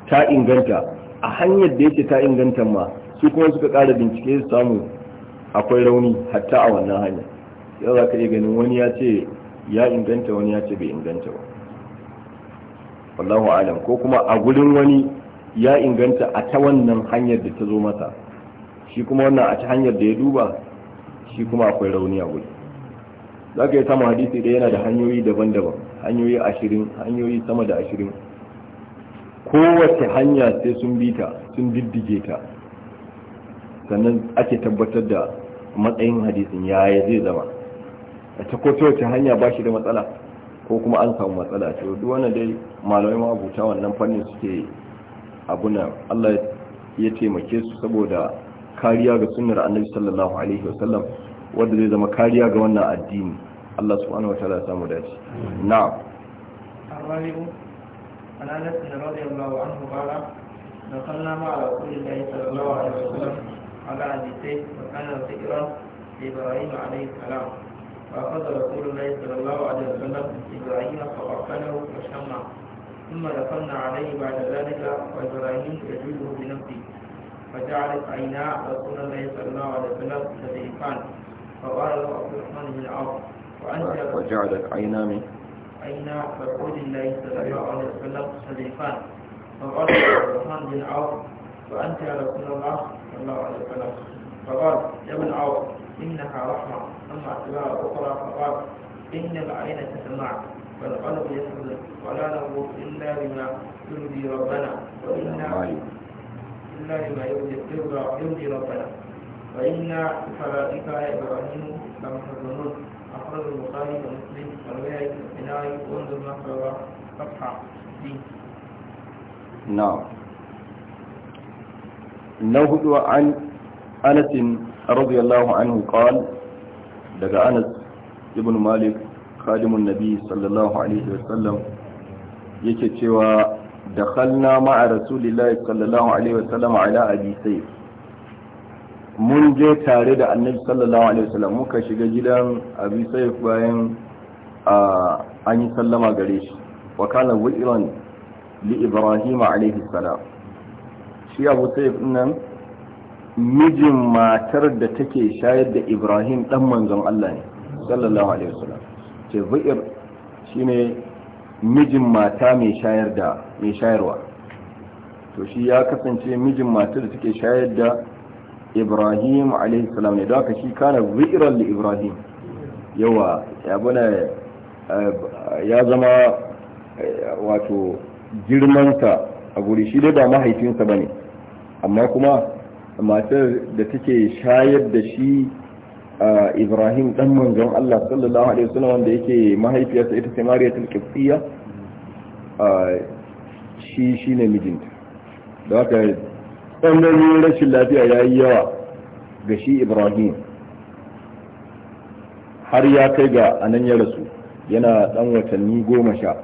ta inganta a hanyar da ya ce ta inganta ma su kuma suka ƙara bincike su samu akwai rauni hatta a wannan hanyar yau za ka iya ganin wani ya ce ya inganta wani ya ce bai inganta ba wallahu alam ko kuma a gurin wani ya inganta a ta wannan hanyar da ta zo masa shi kuma wannan a ta hanyar da ya duba shi kuma akwai rauni a guri za ka yi samun hadisi da yana da hanyoyi daban-daban hanyoyi ashirin hanyoyi sama da ashirin kowace hanya sai sun bi ta sun diddige ta sannan ake tabbatar da matsayin hadisin yaya zai zama a ta kowace hanya ba shi da matsala ko kuma an samu matsala ce duk wannan dai malamai ma wannan fannin suke abuna Allah ya taimake su saboda kariya ga sunnar annabi sallallahu alaihi wasallam wanda zai zama kariya ga wannan addini Allah subhanahu ta'ala ya samu dace na'am الرابع عن انس رضي الله عنه قال دخلنا مع رسول Allah صلى الله عليه وسلم على عزيزيه وكان ذكرا لابراهيم عليه السلام فأخذ رسول الله صلى الله عليه وسلم إبراهيم فقفله فشمع ثم دخلنا عليه بعد ذلك وإبراهيم يجوده بنفسه فجعلت عينا رسول الله صلى الله عليه وسلم شريفان فقال له عبد الرحمن بن عوف وأنت وجعلت عينا من عينا رسول الله صلى الله عليه وسلم شريفان فقال له عبد الرحمن بن عوف وأنت يا رسول الله صلى الله عليه وسلم فقال يا ابن عوف إنها رحمة أما أتباع أخرى فقال إن العين تسمع فالقلب يسمع ولا نقول إلا بما يرضي ربنا وإنا إلا بما يرضي ربنا وإنا بفرائك يا إبراهيم تظنون أخرج البخاري ومسلم والبيعي والبنائي وانظر نحو صفحة 60 نعم na عن أنس رضي الله عنه قال لقى أنس ابن مالك خادم النبي صلى الله عليه وسلم يكتوى دخلنا مع رسول الله صلى الله عليه وسلم على أبي سيف mun je tare da annabi sallallahu alaihi wasallam muka shiga gidan abi saif bayan an yi sallama gare shi wa kana wi'ran li ibrahim alaihi shi abu saif mijin matar da take shayar da ibrahim dan manzon allah ne sallallahu alaihi wasallam ce bu'ir shine mijin mata mai shayar da mai shayarwa to shi ya kasance mijin matar da take shayar da ibrahim alaihi salam ne don shi kana bu'iran li ibrahim yawa ya eh, ya zama eh, wato girmanta a guri shi dai ba mahaifinsa bane amma kuma matar da take shayar da shi ibrahim dan manzon Allah sallallahu alaihi wasallam wanda yake mahaifiyarsa ita ce mariyatul qibtiyya shi shine mijinta da haka tsananin rashin lafiya yayi yawa ga shi ibrahim har ya kai ga anan ya rasu yana ɗan watanni goma sha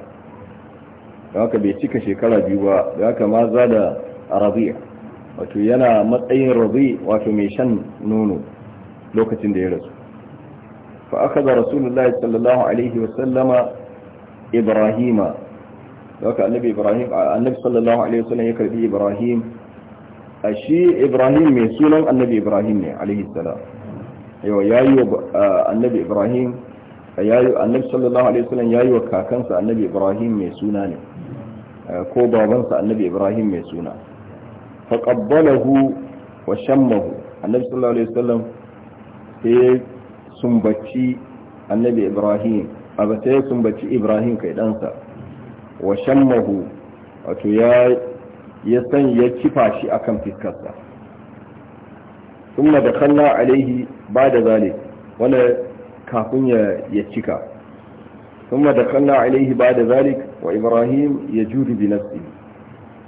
da haka bai cika shekara biyu ba da haka ma za da arabiya wato yana matsayin rabi wato mai shan nono lokacin da ya rasu fa aka da rasulullahi sallallahu alaihi wasallama ibrahima daga annabi ibrahim annabi sallallahu alaihi wasallam ya karbi ibrahim a shi ibrahim mai sunan annabi ibrahim ne alaihi salam yau yayi annabi ibrahim annabi sallallahu alaihi wasallam wa kakansa annabi ibrahim mai suna ne ko babansa annabi ibrahim mai suna faqabbalahu wa shammahu annabi sallallahu alaihi wasallam sai annabi ibrahim aba sai sumbaci ibrahim kai ɗansa wa shammahu wato ya ya ya kifa shi akan fiskarsa kuma da kalla alaihi ba da zalik wanda kafin ya cika kuma da kalla alaihi ba da zalik wa ibrahim ya juri bi Da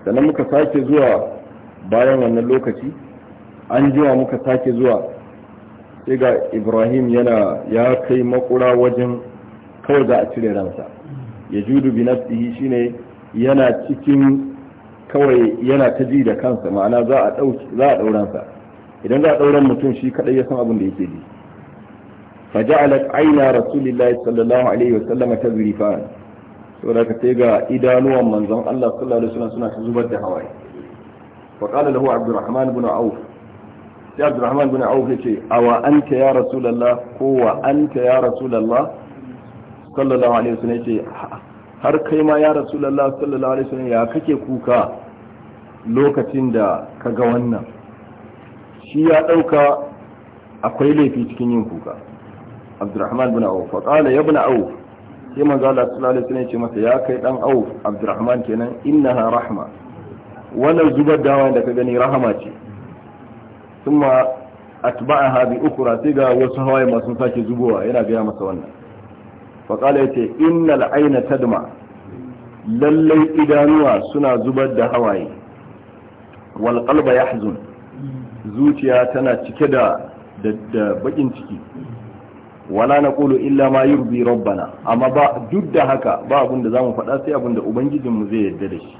sannan muka sake zuwa bayan wannan lokaci an jima muka sake zuwa sai ga ibrahim yana ya kai makura wajen kawai za a cire ransa ya judu bi nafsihi shine yana cikin kawai yana ta ji da kansa ma'ana za a ɗauransa idan za a ɗauran mutum shi kaɗai ya san abin da yake ji faja'alat aina rasulillahi sallallahu alaihi wasallam tazrifan saboda ka sai ga idanuwan manzon Allah sallallahu alaihi wasallam suna ta zubar da hawaye fa qala lahu abdurrahman ibn auf sai abdurrahman ibn auf yace awa anta ya rasulullah wa anta ya rasulullah sallallahu alaihi wasallam yace har kai ma ya rasulullah sallallahu alaihi wasallam ya kake kuka lokacin da kaga wannan shi ya dauka akwai laifi cikin yin kuka abdurrahman bin auf fa qala ya ibn auf sai manzo Allah sallallahu alaihi wasallam ya masa ya kai dan auf abdurrahman kenan innaha rahma wannan zubar da da ka gani rahama ce kuma atba'aha bi ukra sai ga wasu hawaye masu sake zubowa yana gaya masa wannan fa qala yace innal ayna tadma lallai idanuwa suna zubar da hawaye wal qalba yahzun zuciya tana cike da da bakin ciki wala na illa ma yurbi rabbana amma ba duk da haka ba abin da za faɗa sai abin da ubangijinmu zai yarda da shi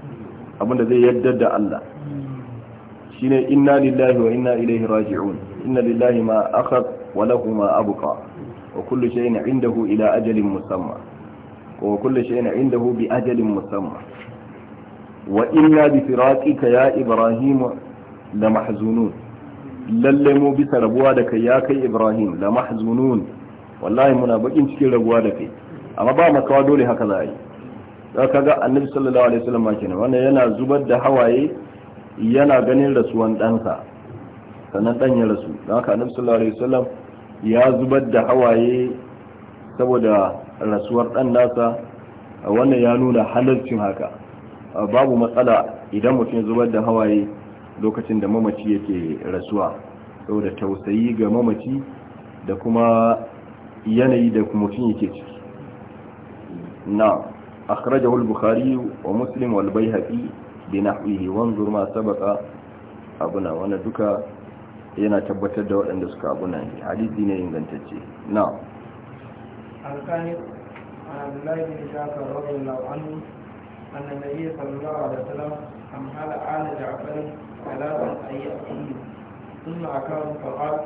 abinda zai yadda da Allah shine inna lillahi wa inna ilaihi raji'un inna lillahi ma akhad wa lahu ma abqa wa kullu shay'in 'indahu ila ajalin musamma wa kullu shay'in 'indahu bi ajalin musamman wa inna bi ka ya ibrahim la mahzunun lalle mu bisa rabuwa da kai ya kai ibrahim la mahzunun wallahi muna bakin cikin rabuwa da kai amma ba makawa dole haka za a yi da kaga annabi sallallahu alaihi wasallam kenan wannan yana zubar da hawaye yana ganin rasuwan ɗansa sannan dan ya rasu don haka annabi sallallahu alaihi wasallam ya zubar da hawaye saboda rasuwar dan nasa wannan ya nuna halarcin haka babu matsala idan mutum ya zubar da hawaye lokacin da mamaci yake rasuwa saboda tausayi ga mamaci da kuma yanayi da mutum yake ciki na أخرجه البخاري ومسلم والبيهقي بنحوه وانظر ما سبق أبنا وندك yana tabbatar da waɗanda suka abu na ne hadisi ne ingantacce na alkani alhamdulahi bin shakar rabin lau'anu an da nabi sallallahu alaihi wasallam an hala ala ja'farin talatan ayi a kullu sun ma akawun fa'ad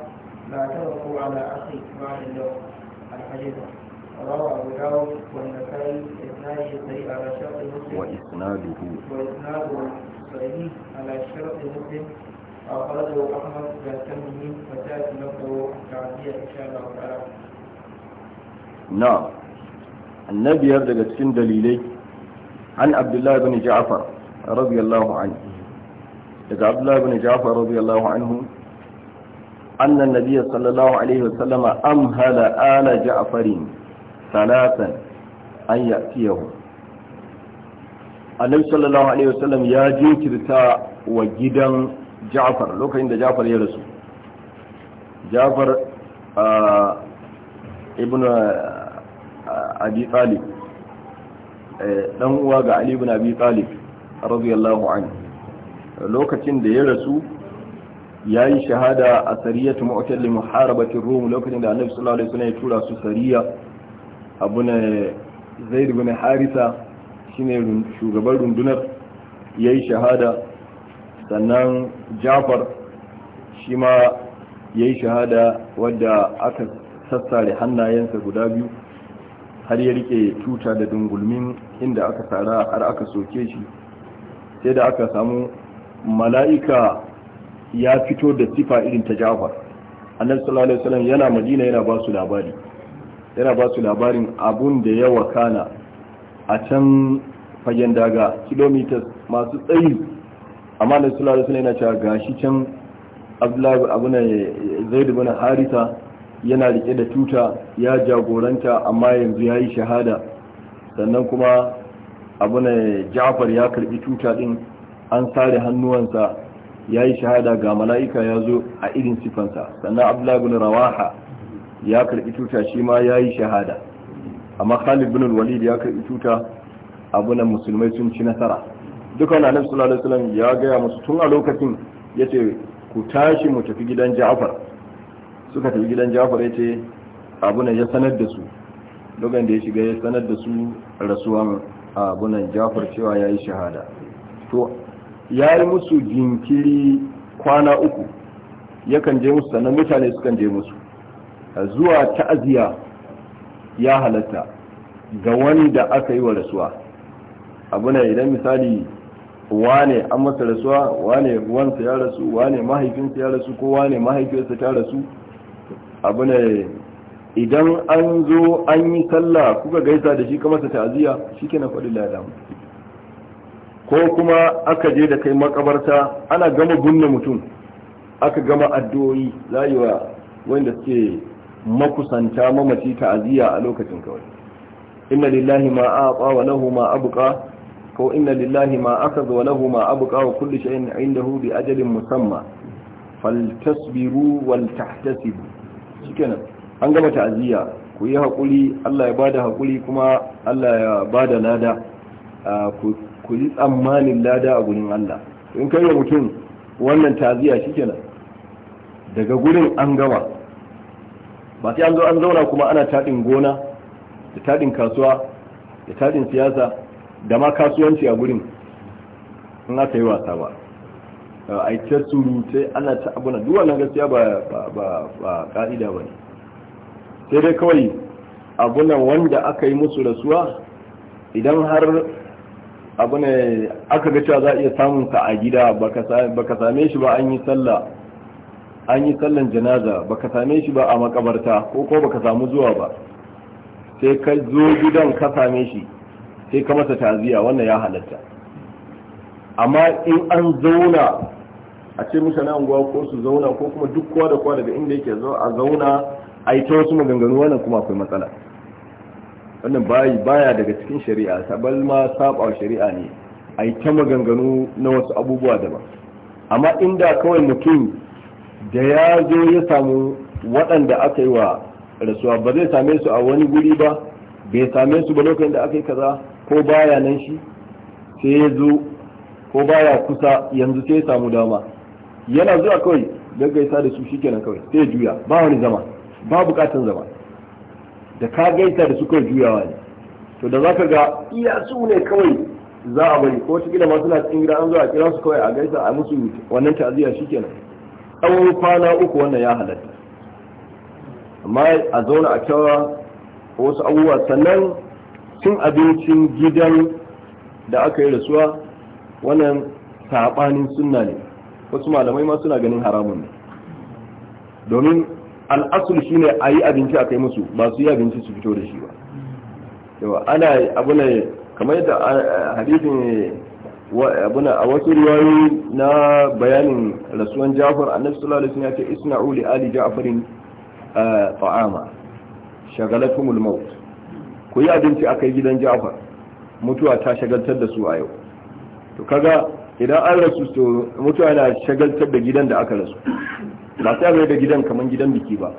la tawafu ala akhi روى أبو داود والنسائي إسناده صحيح على شرط مسلم وإسناده وإسناده صحيح على شرط مسلم أخرجه أحمد بالتمهيد وتأتي نفسه التعزية إن شاء الله تعالى نعم النبي يرجع cikin dalilai عن عبد الله بن جعفر رضي الله عنه إذا عبد الله بن جعفر رضي الله عنه أن النبي صلى الله عليه وسلم أمهل آل جعفرين salatan an yau annabi sallallahu alaihi wasallam ya jinkirta wa gidan Ja'far lokacin da Ja'far ya rasu Ja'far ibn Abi Talib dan uwa ga Ali ibn Abi Talib radiyallahu anhu lokacin da ya rasu ya yi shahada a sariyatu mu'tal li muharabati rum lokacin da annabi sallallahu alaihi wasallam ya tura su sariya abu na zai bin harisa ne shugaban rundunar ya yi shahada sannan jafar shi ma ya yi shahada wadda aka sassare hannayensa guda biyu har ya rike tuta da dungulmin inda aka tsara har aka soke shi sai da aka samu mala'ika ya fito da sifa irin ta jafar annabi sallallahu alaihi wasallam yana madina yana ba su labari yana ba su labarin abun da yawa kana a can fagen daga kilomita masu tsayi amma da su lalata suna yana cewa gashi can abuna zai da harita yana rike da tuta ya jagoranta amma yanzu ya yi shahada sannan kuma na jafar ya karbi tuta din an sare hannuwansa ya yi shahada ga mala'ika ya zo a irin sifansa sannan abdullahi rawaha ya karbi tuta shi ma ya yi shahada amma Khalid bin Walid ya karbi tuta abunan musulmai sun ci nasara duka na nabi sallallahu alaihi wasallam ya gaya musu tun a lokacin yace ku tashi mu tafi gidan Ja'far suka tafi gidan Ja'far yace abunan ya sanar da su lokacin da ya shiga ya sanar da su rasuwan abunan Ja'far cewa ya yi shahada to yi musu jinkiri kwana uku yakan je musu sannan mutane sukan je musu zuwa ta'aziya ya halatta ga wanda aka yi wa rasuwa abu ne idan misali wane an masa rasuwa wane wansa ya rasu wane mahaifinsa ya rasu ko wane mahaifinsa ta rasu abu ne idan an zo an yi sallah kuka gaisa da shi ka masa shi ke na faɗi ladamu ko kuma aka je da kai makabarta ana gama gunna mutum aka gama addu'o'i za yi wa wanda suke makusanta mamaci ta'aziyya a lokacin kawai inna lillahi ma aqa wa lahu ma abqa ko inna lillahi ma akhadha wa lahu ma abqa wa kullu shay'in 'indahu bi ajalin musamma faltasbiru wal tahtasibu shikenan an gama ta'aziyya ku yi hakuri Allah ya bada hakuri kuma Allah ya bada lada ku yi tsammanin lada a gurin Allah in kai mutum wannan ta'aziyya shikenan daga gurin an gama ba sai an zo an zauna kuma ana taɗin gona da taɗin kasuwa da taɗin siyasa da ma kasuwanci a gurin in aka yi wasa ba a yi ta surutai ana ta abuna duk na gaskiya ba ba ka'ida ba ne sai dai kawai abuna wanda aka yi musu rasuwa idan har abu aka ga cewa za a iya samun sa a gida baka same shi ba an yi sallah an yi sallan janaza ba ka same shi ba a makabarta ko ko ka samu zuwa ba sai ka zo gidan ka same shi sai ka masa taziya wannan ya halatta amma in an zauna a ce mutane unguwa ko su zauna ko kuma duk kowa da kowa daga inda yake zo a zauna a yi ta wasu maganganu wannan kuma akwai matsala wannan bayi baya daga cikin shari'a sabal ma saba shari'a ne a yi ta maganganu na wasu abubuwa daban amma inda kawai mutum da ya zo ya samu waɗanda aka yi wa rasuwa ba zai same su a wani guri ba bai same su ba lokacin da aka yi kaza ko baya nan shi sai ya zo ko baya kusa yanzu sai ya samu dama yana zuwa kawai don gaisa da su shikenan kawai sai ya juya ba wani zama ba bukatun zama da ka gaisa da su kawai juyawa ne to da zaka ga iya su ne kawai za a bari ko wata kila masu suna cikin gida an zuwa a kira su kawai a gaisa a musu wannan ta'aziyya shikenan tsawon kwana uku wannan ya halatta amma a zauna a cewa wasu abubuwa sannan cin abincin gidan da aka yi rasuwa wannan saɓanin sunna ne wasu malamai ma suna ganin haramun ne domin al'asul shi ne a yi abinci a kai musu ba su yi abinci su fito da shi ba ana abu ne kamar yadda eh, abuna a wasu riwayoyi na bayanin rasuwan Jafar annabi sallallahu alaihi wasallam ya ce isna'u li ali Ja'farin ta'ama shagalatumul maut ku yi abinci akai gidan Ja'far mutuwa ta shagaltar da su a yau to kaga idan an rasu to mutuwa na shagaltar da gidan da aka rasu ba sai ga da gidan kaman gidan biki ba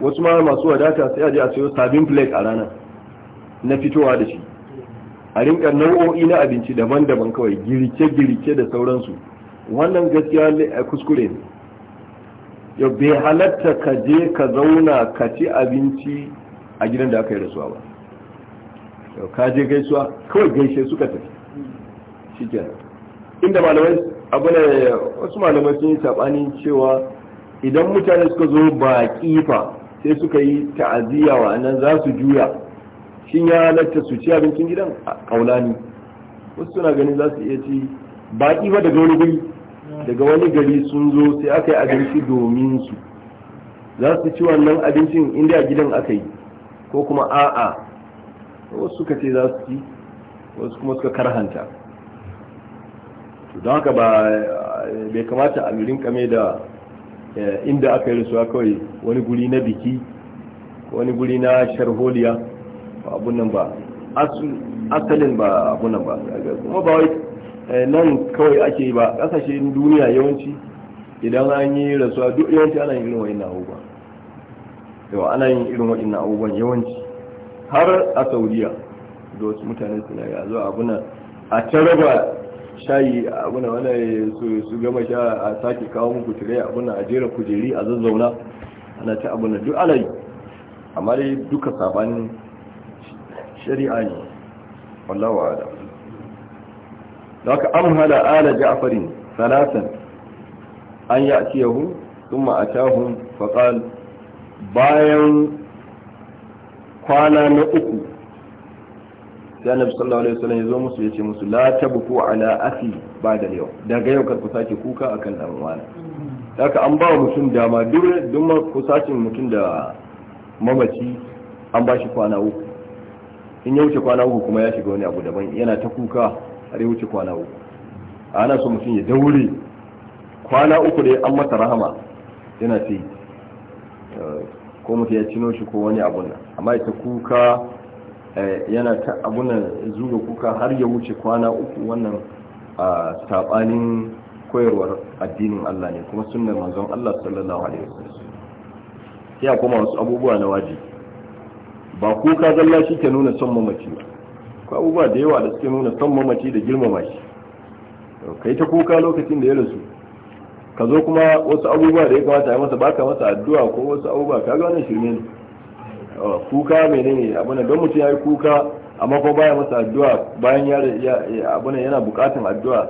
wasu ma masu wadata sai a je a sayo sabin plate a ranar na fitowa da shi a rinka nau'o'i na abinci daban-daban kawai girke-girke da sauransu wannan gaskiya kuskure ne yau bai halatta ka je ka zauna ka ci abinci a gidan da aka yi rasuwa ba yau ka je gaisuwa kawai gaishe suka tafi shi kenan inda malamai abu ne wasu malamai sun yi saɓanin cewa idan mutane suka zo ba kifa sai suka yi ta'aziyya wa nan za su juya shin ya halatta su ci abincin gidan kaulani wasu suna ganin za su iya ci baki ba daga wani gari daga wani gari sun zo sai aka yi abinci domin su za su ci wannan abincin inda a gidan aka yi ko kuma a'a wasu suka ce za su ci wasu kuma suka karhanta don haka ba bai kamata a lurin kame da eh, inda aka yi rasuwa kawai wani guri na biki wani guri na sharholiya abun nan ba asalin ba abun nan ba kuma ba wai eh, nan kawai ake yi ba kasashen duniya yawanci idan an yi rasuwa duk yawanci ana yin irin wa'in abubuwa yawa ana yin irin wa'in abubuwan yawanci har a saudiya da wasu mutane suna ya zuwa abuna a taraba raba shayi abuna wani su gama sha a sake kawo muku tire abuna a jera kujeri a zazzauna ana ta abuna duk alayi amma dai duka sabanin shari'a ne wallahu a'lam da aka amhala ala ja'farin salatan an ya'tiyahu thumma atahum faqal bayan kwana na uku sai annabi sallallahu alaihi wasallam ya zo musu ya ce musu la tabku ala afi ba da yau daga yau kar ku sake kuka akan dan wani haka an ba wa mutum dama duk duk kusacin mutum da mamaci an ba shi kwana uku in ya wuce kwana uku kuma ya shiga wani abu daban yana ta kuka har ya wuce kwana uku ana so mutum ya daure kwana uku da an mata rahama yana ce eh, ko mutum ya cino shi ko wani abun nan amma ta kuka eh, yana ta abun zuwa kuka har ya wuce kwana uku wannan a sabanin koyarwar addinin Allah ne kuma sunnar manzon Allah sallallahu alaihi wasallam sai kuma wasu abubuwa na wajibi ba kuka zalla shi ke nuna son mamaci ba ko abubuwa da yawa da suke nuna son mamaci da girmama shi kai ta kuka lokacin da ya rasu ka zo kuma wasu abubuwa da ya kamata ya masa baka masa addu'a ko wasu abubuwa ka ga wannan shirme ne kuka menene abuna don mutum ya yi kuka amma ko baya masa addu'a bayan ya abuna yana bukatun addu'a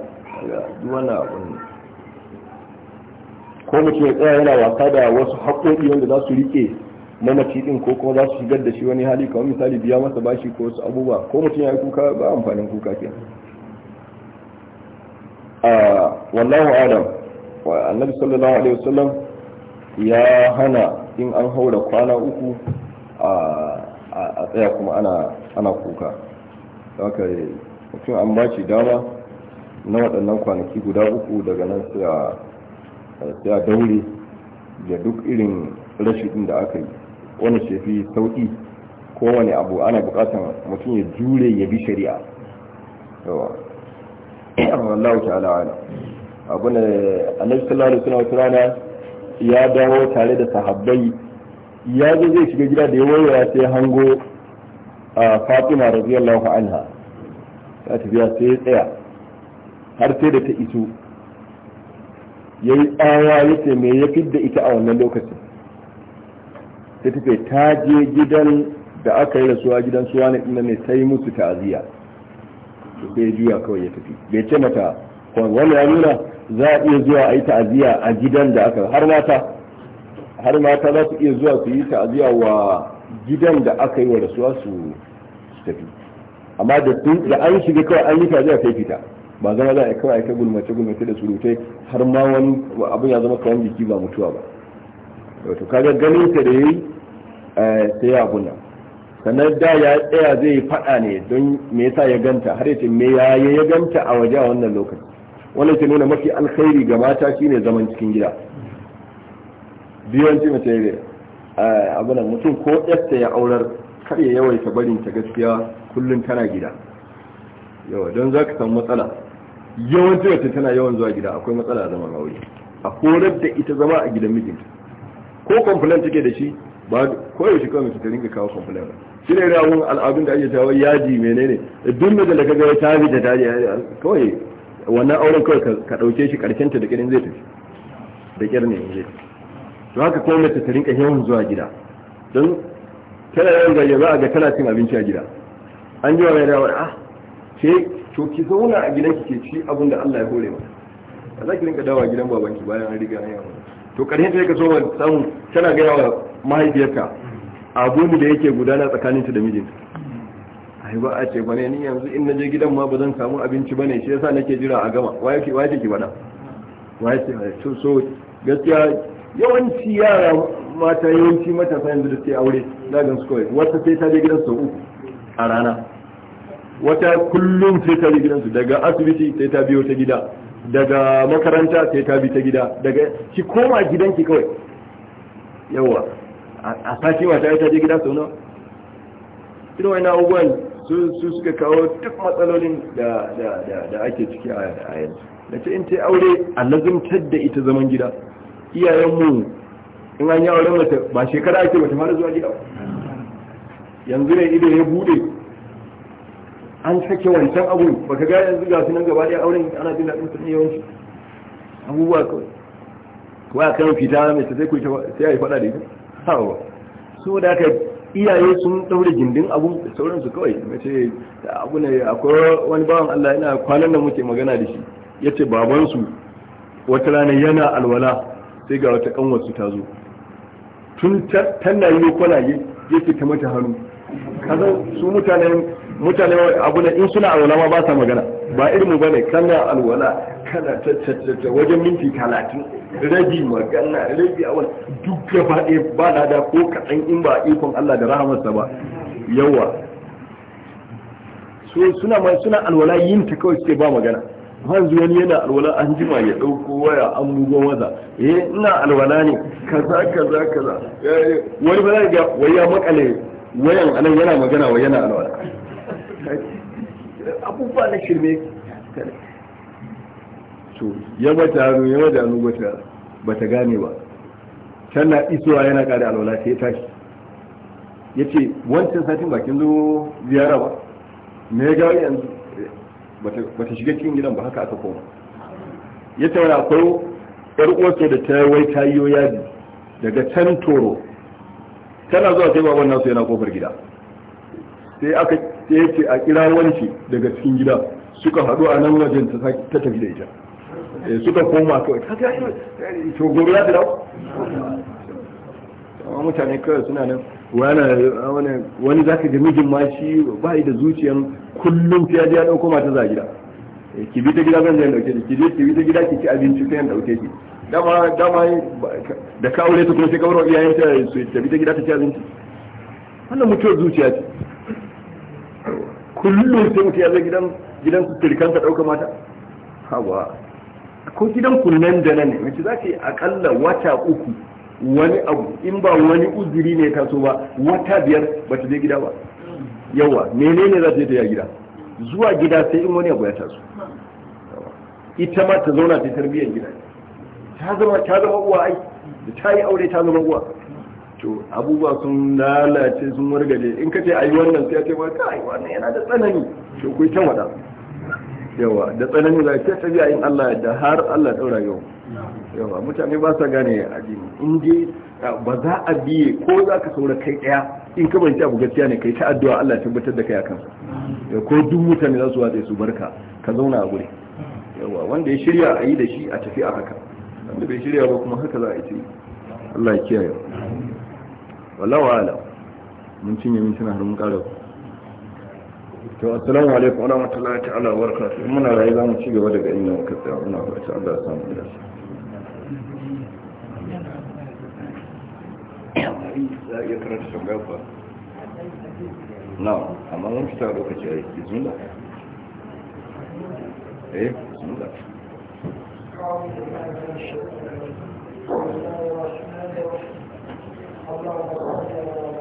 duk wannan abun ko mutum ya tsaya yana wasa da wasu haƙoƙi wanda za su rike mamaci din ko kuma za su shigar da shi wani hali kamar misali biya masa bashi ko wasu abubuwa ko mutum ya yi kuka ba amfanin kuka ke a wallahu adam wa annabi sallallahu alaihi wasallam ya hana in an haura kwana uku a tsaya kuma ana ana kuka haka mutum an ba shi dama na waɗannan kwanaki guda uku daga nan sai a daure da duk irin ɗin da aka yi wani shafi sauƙi, ko wani abu ana buƙatar mutum ya jure ya bi shari'a yawa Allah ta'ala ala abu ne annabi sallallahu alaihi wasallam rana ya dawo tare da sahabbai ya zo zai shiga gida da ya wayaya sai hango a Fatima radiyallahu anha ta tafiya sai ya tsaya har sai da ta iso yayi tsawa yace me ya fidda ita a wannan lokacin sai ta ce ta je gidan da aka yi rasuwa gidan suwa ne ina ne sai musu ta'aziyya sai ya juya kawai ya tafi bai ce mata wani ya nuna za a iya zuwa a yi ta'aziyya a gidan da aka har mata har mata za su iya zuwa su yi ta'aziyya wa gidan da aka yi wa rasuwa su tafi amma da da an shiga kawai an yi ta'aziyya sai fita ba zama za a kawai a gulmace gulmace da surutai har ma wani abin ya zama kawai jiki ba mutuwa ba wato kaga ganin ka da yayi eh, sai ya sannan da ya tsaya zai yi fada ne don me yasa ya ganta har yace me ya ya ganta a waje a wannan lokaci wannan ke nuna mafi alkhairi ga mata shine zaman cikin gida biyanci mace ne eh, abinan mutum ko yasta ya aurar kar ya yawaita barin ta gaskiya kullum tana gida yawa don za ka samu matsala yawanci wacce tana yawan zuwa gida akwai matsala zaman aure a horar da ita zama a gidan mijinta ko complaint take da shi ba shi kawai su ta ringa kawo complaint shi ne rawun al'adun da ake tawo yaji menene duk mutum da kaga ya bi da tabi kawai wannan auren kawai ka dauke shi karshen ta da kirin zai tafi da kirin ne zai to haka ko mai ta rinka yawan zuwa gida don tana yawan gaje za a ga tana cin abinci a gida an ji wa mai dawa ah ce to ki zauna a gidanki ke ci abin da Allah ya hore mata za ki rinka dawowa gidan babanki bayan an riga an yawa to karshen ta ka so wa samu tana gaya wa mahaifiyarka gomi da yake gudana tsakaninta da mijinta ai ba a ce bane ni yanzu in naje gidan ma ba zan samu abinci bane shi yasa nake jira a gama waye ki waye ki bada waye ki so so gaskiya yawanci yara mata yawanci matasa yanzu da suke aure zagan su kawai wata sai ta je gidan sau uku a rana wata kullum sai ta je gidansu daga asibiti sai ta biyo ta gida daga makaranta sai ta bi ta gida daga ki koma gidanki kawai yawa a sati wata ta je gida sau nawa ina wani abubuwan su suka kawo duk matsalolin da ake ciki a yanzu da ce in ta aure a lazimtar da ita zaman gida iyayenmu in an yi auren mata ba shekara ake mata fara zuwa gida yanzu ne ido ya bude an sake wancan abu ba ka gaya yanzu ga sunan gaba ɗaya auren ana jin daɗin kuɗi wancan abubuwa kawai ko a kan fita mai ta sai ku sai a yi faɗa da ita hawa so da haka iyaye sun ɗaure gindin da sauransu kawai mace abu ne akwai wani bawan Allah yana kwanan da muke magana da shi yace babansu wata rana yana alwala sai ga wata kanwarsu ta zo tun tana yi kwana ya ta mata hannu kaza su mutanen mutane abu ne in suna alwala ma ba sa magana ba irin ba ne kana alwala kana tattattata wajen minti talatin rabi magana rabi wani duk gaba ɗaya ba na da ko kaɗan in ba ikon Allah da rahamarsa ba yawa so suna ma suna alwala yin ta kawai suke ba magana zuwa wani yana alwala an jima ya ɗauko waya an bugo maza eh ina alwala ne kaza kaza kaza eh, wani ba za ga wai ya makale wayan anan yana magana wa yana alwala abubuwa na shirme gane ba tana isowa yana kada alwala sai tashi ya ce wancan satin bakin zo ziyara ba me ga yanzu ba ta shiga cikin gidan ba haka aka koma ya ce wani akwai yar uwarsa da ta wai ta yi yadi daga can toro tana zuwa sai baban nasu yana kofar gida sai aka sai yake a kira wanci daga cikin gida suka haɗu a nan wajen ta tafi da ita eh, suka koma to ta ga yi to gobe za ta dawo amma mutane kawai suna nan wani wani za ka ga mijin ma shi ba da zuciyan kullum ta ji ya dauko mata za gida eh, ki bi ta gida zan zai dauke ki ki je ki bi ta gida ki ci abinci sai yan ki dama dama da ka aure ta kuma sai kawarwa iyayen ta su ta bi ta gida ta ci abinci wannan mutuwar zuciya ce kullum sai mutum ya zai gidan gidan su turkan ka ɗauka mata hawa ko gidan nan da nan ne mace za ka yi akalla wata uku wani abu in ba wani uzuri ne taso ba wata biyar ba ta je gida ba yawa menene za ta yi ta gida zuwa gida sai in wani abu ya taso ita ma ta zauna ta tarbiyyar gida ta zama ta zama uwa ai ta yi aure ta zama uwa to abubuwa sun lalace sun wargaje in ka ce ayi wannan sai ya ce ba kai wannan yana da tsanani to ku ta wada yawa da tsanani za ta tafiya yin Allah da har Allah daura yau yawa mutane ba sa gane addini in dai ba za a biye ko za ka saura kai daya in ka bai abu gaskiya ne kai ta addu'a Allah ya tabbatar da kai akan ya ko duk mutane za su watsa su barka ka zauna a guri. yawa wanda ya shirya a yi da shi a tafi a haka wanda bai shirya ba kuma haka za a yi Allah ya kiyaye wallahu ala mun cinye min tana har mun ƙara to assalamu alaikum wa rahmatullahi ta'ala wa barakatuh muna rayu za mu ci gaba daga inda muka tsaya muna fata Allah ya samu da shi a iya karanta tambaya kuwa na amma mun fita lokaci a yi bismillah eh bismillah بسم الله الرحمن ọlọ́run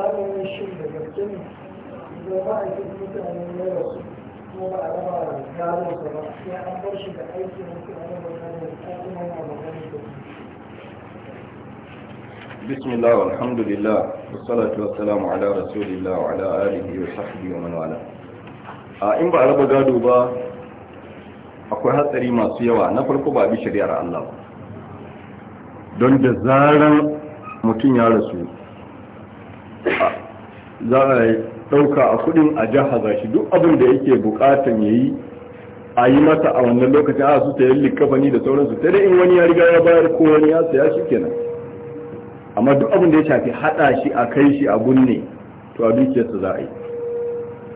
malamin shi da gaske ne da ba a yi mutane na rasu kuma ba a raba gano da ba sai an bar shi da aiki na kuma na magana da kuma na da بسم الله والحمد لله والصلاة والسلام على رسول الله وعلى آله وصحبه in ba a raba gado ba akwai hatsari masu yawa na farko babi bi shari'ar Allah don da zaran mutum ya rasu za a ɗauka a kudin a jahaza shi duk abin da yake bukatan ya yi a yi mata a wannan lokacin a su ta yi likafani da sauransu sai dai in wani ya riga ya bayar ko wani ya saya shi kenan amma duk abin da ya shafi haɗa shi a kai shi a gunne to a su za a yi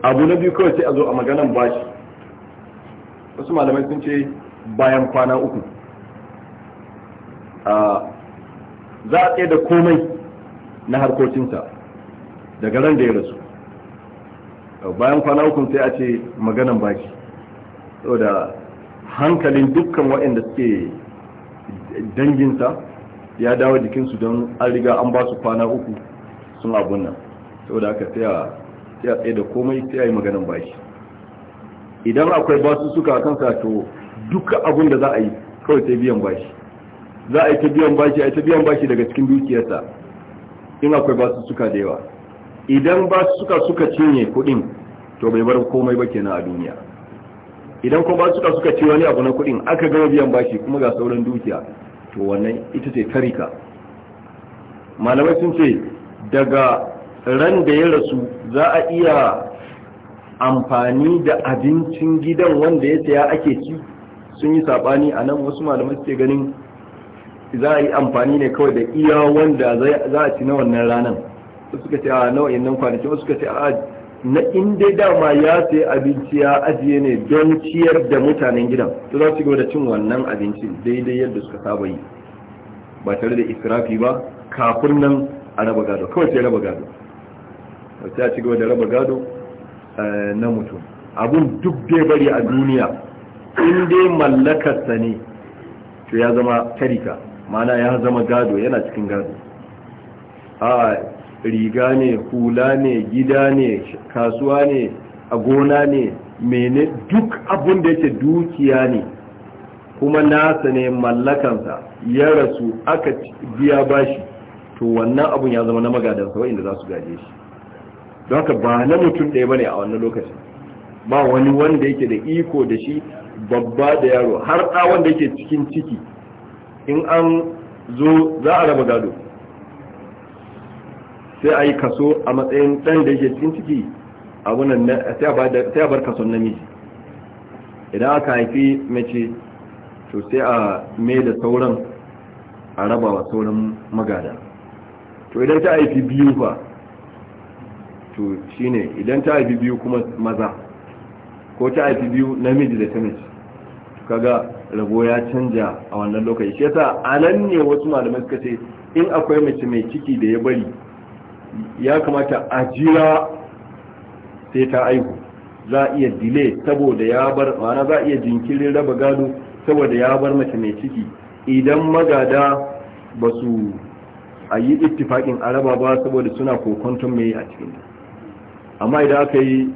abu na biyu kawai sai a zo a maganan bashi wasu malamai sun ce bayan kwana uku za a tsaye da komai na harkokinsa daga ran da ya rasu bayan kwana uku sai a ce maganan baki saboda hankalin dukkan waɗanda suke danginsa ya dawo jikinsu don an riga an ba su kwana uku sun abun nan saboda aka sai a tsaye da komai sai a yi maganan baki idan akwai basu suka kansa to duka abun da za a yi kawai sai biyan bashi za a yi ta biyan bashi a yi ta biyan bashi daga cikin dukiyarsa in akwai basu suka da yawa idan ba suka suka cinye kuɗin to bai bar komai ba kenan a duniya idan kuma ba suka suka ci wani abu na kuɗin aka gama biyan bashi kuma ga sauran dukiya to wannan ita ce tarika malamai sun ce daga ran da ya rasu za a iya amfani da abincin gidan wanda ya saya ake ci sun yi saɓani a nan wasu malamai suke ganin za a yi amfani ne kawai da iya wanda za a ci na wannan ranan. suka ce a nau'in nan kwanaki suka ce a na in dai dama ya sai abinci ya ajiye ne don ciyar da mutanen gidan to za su gaba da cin wannan abincin daidai yadda suka saba yi ba tare da israfi ba kafin nan a raba gado kawai sai raba gado sai a ci gaba da raba gado eh, na mutum abun duk dai bari a duniya in dai mallakar sa ne to ya zama tarika ma'ana ya zama gado yana cikin gado a riga ne hula ne gida ne kasuwa ne a gona ne mene duk abin da yake dukiya ne kuma nasa ne mallakansa ya rasu aka biya bashi to wannan abun ya zama na magadansa wa'inda za su gaje shi don haka ba na mutum ɗaya bane a wannan lokacin ba wani wanda yake da iko da shi babba da yaro har ɗa wanda yake cikin ciki in an zo za a raba gado sai a yi kaso a matsayin ɗan da yake cikin ciki a wannan sai a bar kaso namiji idan aka haifi mace to sai a mai da sauran a raba wa sauran magada to idan ta haifi biyu fa to shine idan ta haifi biyu kuma maza ko ta haifi biyu namiji da ta mace kaga rabo ya canja a wannan lokaci shi yasa anan ne wasu malamai suka ce in akwai mace mai ciki da ya bari ya kamata a jira sai ta aihu za a iya delay saboda ya bar ma'ana za a iya jinkirin raba gado saboda ya bar mace mai ciki idan magada ba su a yi ittifaƙin araba ba saboda suna kokonton mai a cikin amma idan aka yi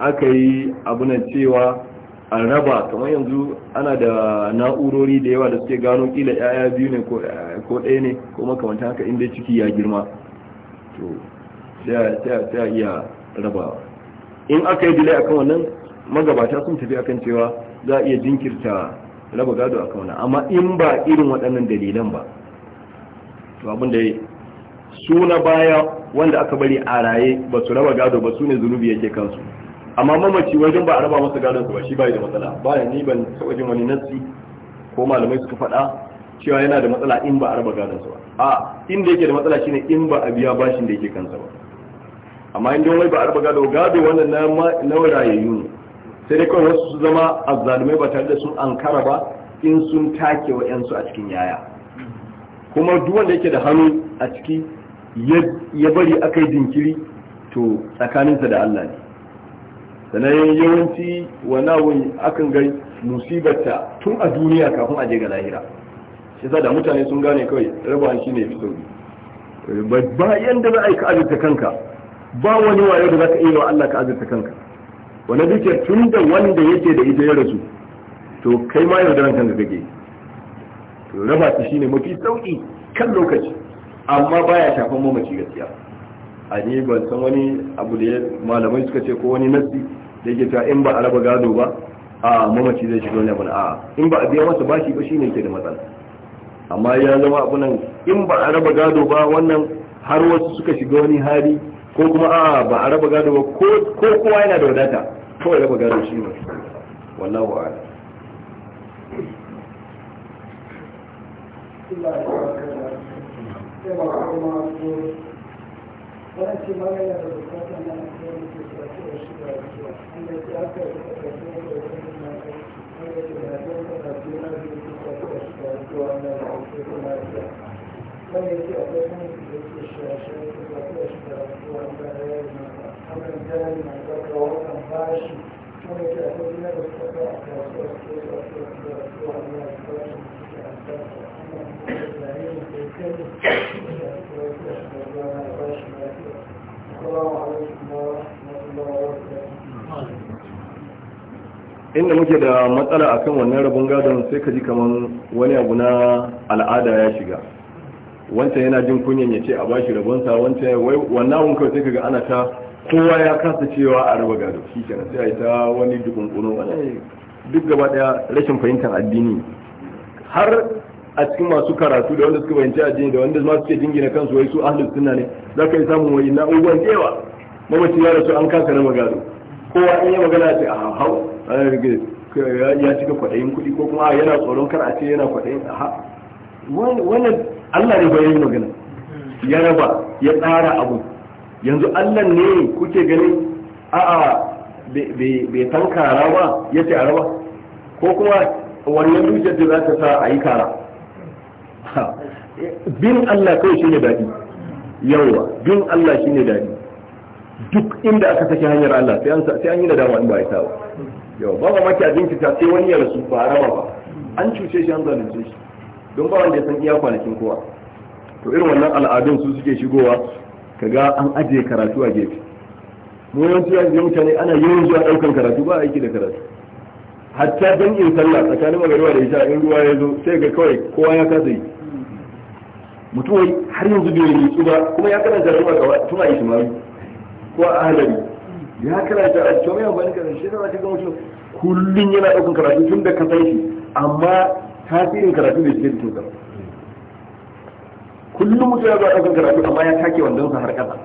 aka yi abunan cewa a raba kamar yanzu ana da na'urori da yawa da suke gano kila 'ya'ya biyu ne ko ɗaya ne ko makamantan haka inda ciki ya girma to ta iya rabawa in aka yi a akan wannan magabata sun tafi akan cewa za a iya jinkirta raba gado a wannan amma in ba irin waɗannan dalilan ba to abin da su baya wanda aka bari a raye ba su raba gado ba su ne zunubi yake kansu amma mamaci wajen ba a raba masa gadon su ba shi bai da matsala baya ni ban taɓa jin wani nassi ko malamai suka faɗa cewa yana da matsala in ba a raba gadon ba a inda yake da matsala shine in ba a biya bashin da yake kansa ba amma in wai ba a raba gado gado wannan na na rayayyu ne sai dai kawai wasu su zama azzalumai ba tare da sun ankara ba in sun take wa yansu a cikin yaya kuma duk wanda yake da hannu a ciki ya bari aka yi jinkiri to tsakaninsa da Allah ne sannan yawanci wani akan ga musibarta tun a duniya kafin a je ga lahira yasa da mutane sun gane kawai rabawa shine fi sauki bayan da za a yi ka azurta kanka ba wani wayo da za ka iya wa Allah ka azurta kanka wani dukiyar tun da wanda yake da ita ya rasu to kai ma yau da ranka da kake to raba shi shine mafi sauki kan lokaci amma baya shafan mamaci gaskiya a ni ban san wani abu da malamai suka ce ko wani nasi da yake cewa in ba a raba gado ba a mamaci zai shiga wani abu a in ba a biya masa bashi ba shine yake da matsala amma ya zama abu in ba a raba gado ba wannan har wasu suka shiga wani hali ko kuma a ba a raba gado ba ko kowa yana da wadata kawai raba gado shi ne wallahu a'ala wannan ce ba da ba ka da ka da ka da ya aka da وأن العوفيق ما إلا من يجي أبدا يجي الشاشة يجي أشترك وأن أيام أما الجانب من ذكر وأن فاش من يجي أبدا يستطيع أكاسر أكاسر أكاسر وأن الفاش يجي أكاسر السلام عليكم ورحمة الله وبركاته inda muke da matsala a kan wannan rabon gadon sai ka ji kamar wani abu na al'ada ya shiga wancan yana jin kunyan ya ce a bashi rabonsa wancan wai wannan abun kawai sai kaga ana ta kowa ya kasa cewa a raba gado shi kenan sai a yi ta wani dukun kuno wani duk gaba daya rashin fahimtar addini har a cikin masu karatu da wanda suka fahimci addini da wanda ma suke jingina kansu wai su ahlus sunna ne za ka yi samun wani na'uwan yawa mamaci ya rasu an kasa raba gado kowa in yi magana ce a hau ya cika kwaɗayin kuɗi ko kuma yana tsoron kar a ce yana kwaɗayin a ha wannan Allah ne bayan magana ya raba ya tsara abu yanzu Allah ne kuke ganin a'a bai san kara ba ya ce a raba ko kuma wannan dukiyar da za ta sa a yi kara bin Allah kawai shi ne daɗi yawa bin Allah shi ne daɗi duk inda aka saki hanyar Allah sai an sai an yi nadama in ba ya tawo yau ba maki a ta sai wani ya rasu ba rama ba an cuce shi an zalunce shi don ba wanda ya san iya kwanakin kowa to irin wannan al'adun su suke shigowa kaga an ajiye karatu a gefe mu yanzu yanzu mutane ana yawan zuwa daukan karatu ba aiki da karatu hatta dan in sallah tsakanin magariba da isha in ruwa ya zo sai ga kawai kowa ya kasa yi mutum har yanzu bai yi ba kuma ya karanta ruwa gaba tun a ko a ya karanta a cikin yawan bani karanta shi ta cikin mutum kullum yana ɗaukan karatu tun da ka san shi amma tasirin karatu da shi cikin sa kullum mutum ya zuwa ɗaukan karatu amma ya take wanda sa har ƙasa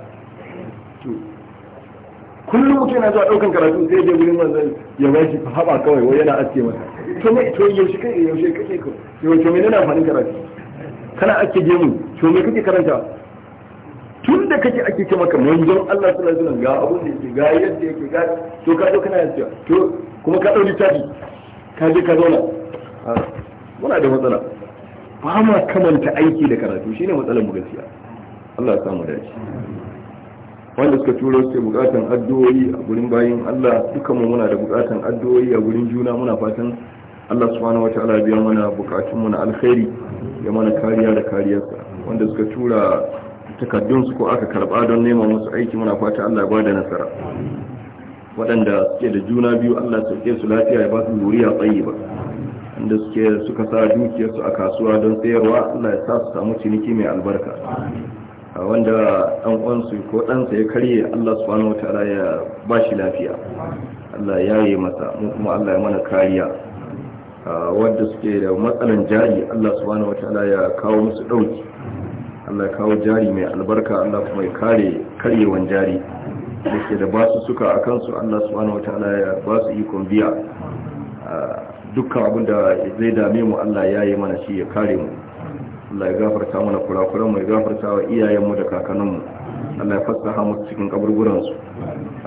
kullum mutum yana zuwa ɗaukan karatu sai dai wurin wanzan ya ba shi haɓa kawai wai yana aske mata to me to yaushe kai yaushe kake ko yaushe me nuna amfanin karatu kana aske gemu to me kake karanta tun da kake ake ce maka manzon Allah sallallahu alaihi wasallam ga abun da yake ga yadda yake ga to ka zo kana cewa to kuma ka dauki tafi ka je ka zauna muna da matsala ba ma kamanta aiki da karatu shine matsalar mu gaskiya Allah ya samu dace wanda suka turo ke bukatan addu'o'i a gurin bayin Allah dukanmu muna da bukatan addu'o'i a gurin juna muna fatan Allah subhanahu wataala biya mana bukatun mu na alkhairi ya mana kariya da kariyarsa wanda suka tura su ko aka karba don neman wasu aiki muna fata Allah ya bada nasara waɗanda suke da juna biyu Allah sauke su lafiya ya ba su zuriya tsayi ba inda suke suka sa dukiyarsu a kasuwa don sayarwa Allah ya sa su samu ciniki mai albarka a wanda ɗan uwansu ko ɗansa ya karye Allah subhanahu wataala ya ba shi lafiya Allah ya yi masa mu kuma Allah ya mana kariya wanda suke da matsalan jari Allah subhanahu wataala ya kawo musu ɗauki Allah kawo jari mai albarka Allah kuma ya kare karyewan jari da ke da basu suka a kansu Allah subhanahu wataala ya basu ikon biya dukkan abin da zai dame mu Allah ya yi mana shi ya kare mu Allah ya gafarta mana kurakuran mu ya gafarta wa iyayenmu da kakanninmu Allah ya fassaha mu cikin kaburburansu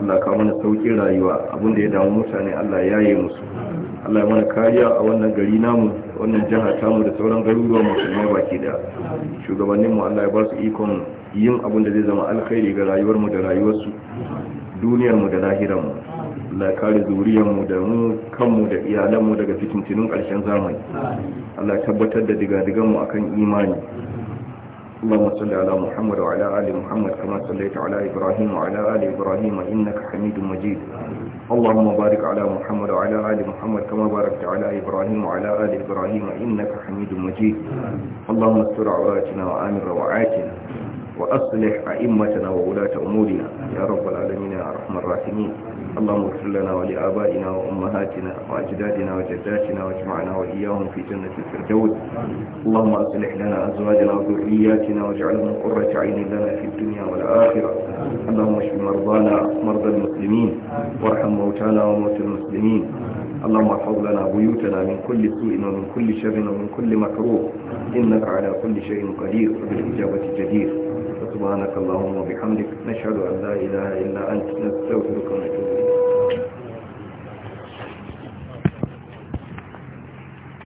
Allah ka mana sauƙin rayuwa abin da ya damu mutane Allah ya yi musu Allah ya mana kariya a wannan gari namu wannan jiha tamu da sauran garuruwa musulmai baki da shugabannin mu Allah ya ba su ikon yin abin da zai zama alkhairi ga rayuwar mu da rayuwar su duniyar mu da lahiran mu Allah ya kare zuriyar mu da mu kanmu da iyalan mu daga fitintunun karshen zamani Allah ya tabbatar da diga digadigan mu akan imani اللهم صل على محمد وعلى آل محمد كما صليت على إبراهيم وعلى آل إبراهيم إنك حميد مجيد اللهم بارك على محمد وعلى آل محمد كما باركت على إبراهيم وعلى آل إبراهيم إنك حميد مجيد اللهم استر عوراتنا وآمن روعاتنا وأصلح أئمتنا وولاة أمورنا يا رب العالمين يا أرحم الراحمين اللهم اغفر لنا ولآبائنا وأمهاتنا وأجدادنا وجداتنا واجمعنا وإياهم في جنة الفردوس اللهم أصلح لنا أزواجنا وذرياتنا واجعلهم قرة عين لنا في الدنيا والآخرة اللهم اشف مرضانا مرضى المسلمين وارحم موتانا وموتى المسلمين اللهم احفظ لنا بيوتنا من كل سوء ومن كل شر ومن كل مكروه إنك على كل شيء قدير وبالإجابة جدير سبحانك اللهم وبحمدك نشهد أن لا إله إلا أنت نستغفرك ونتوب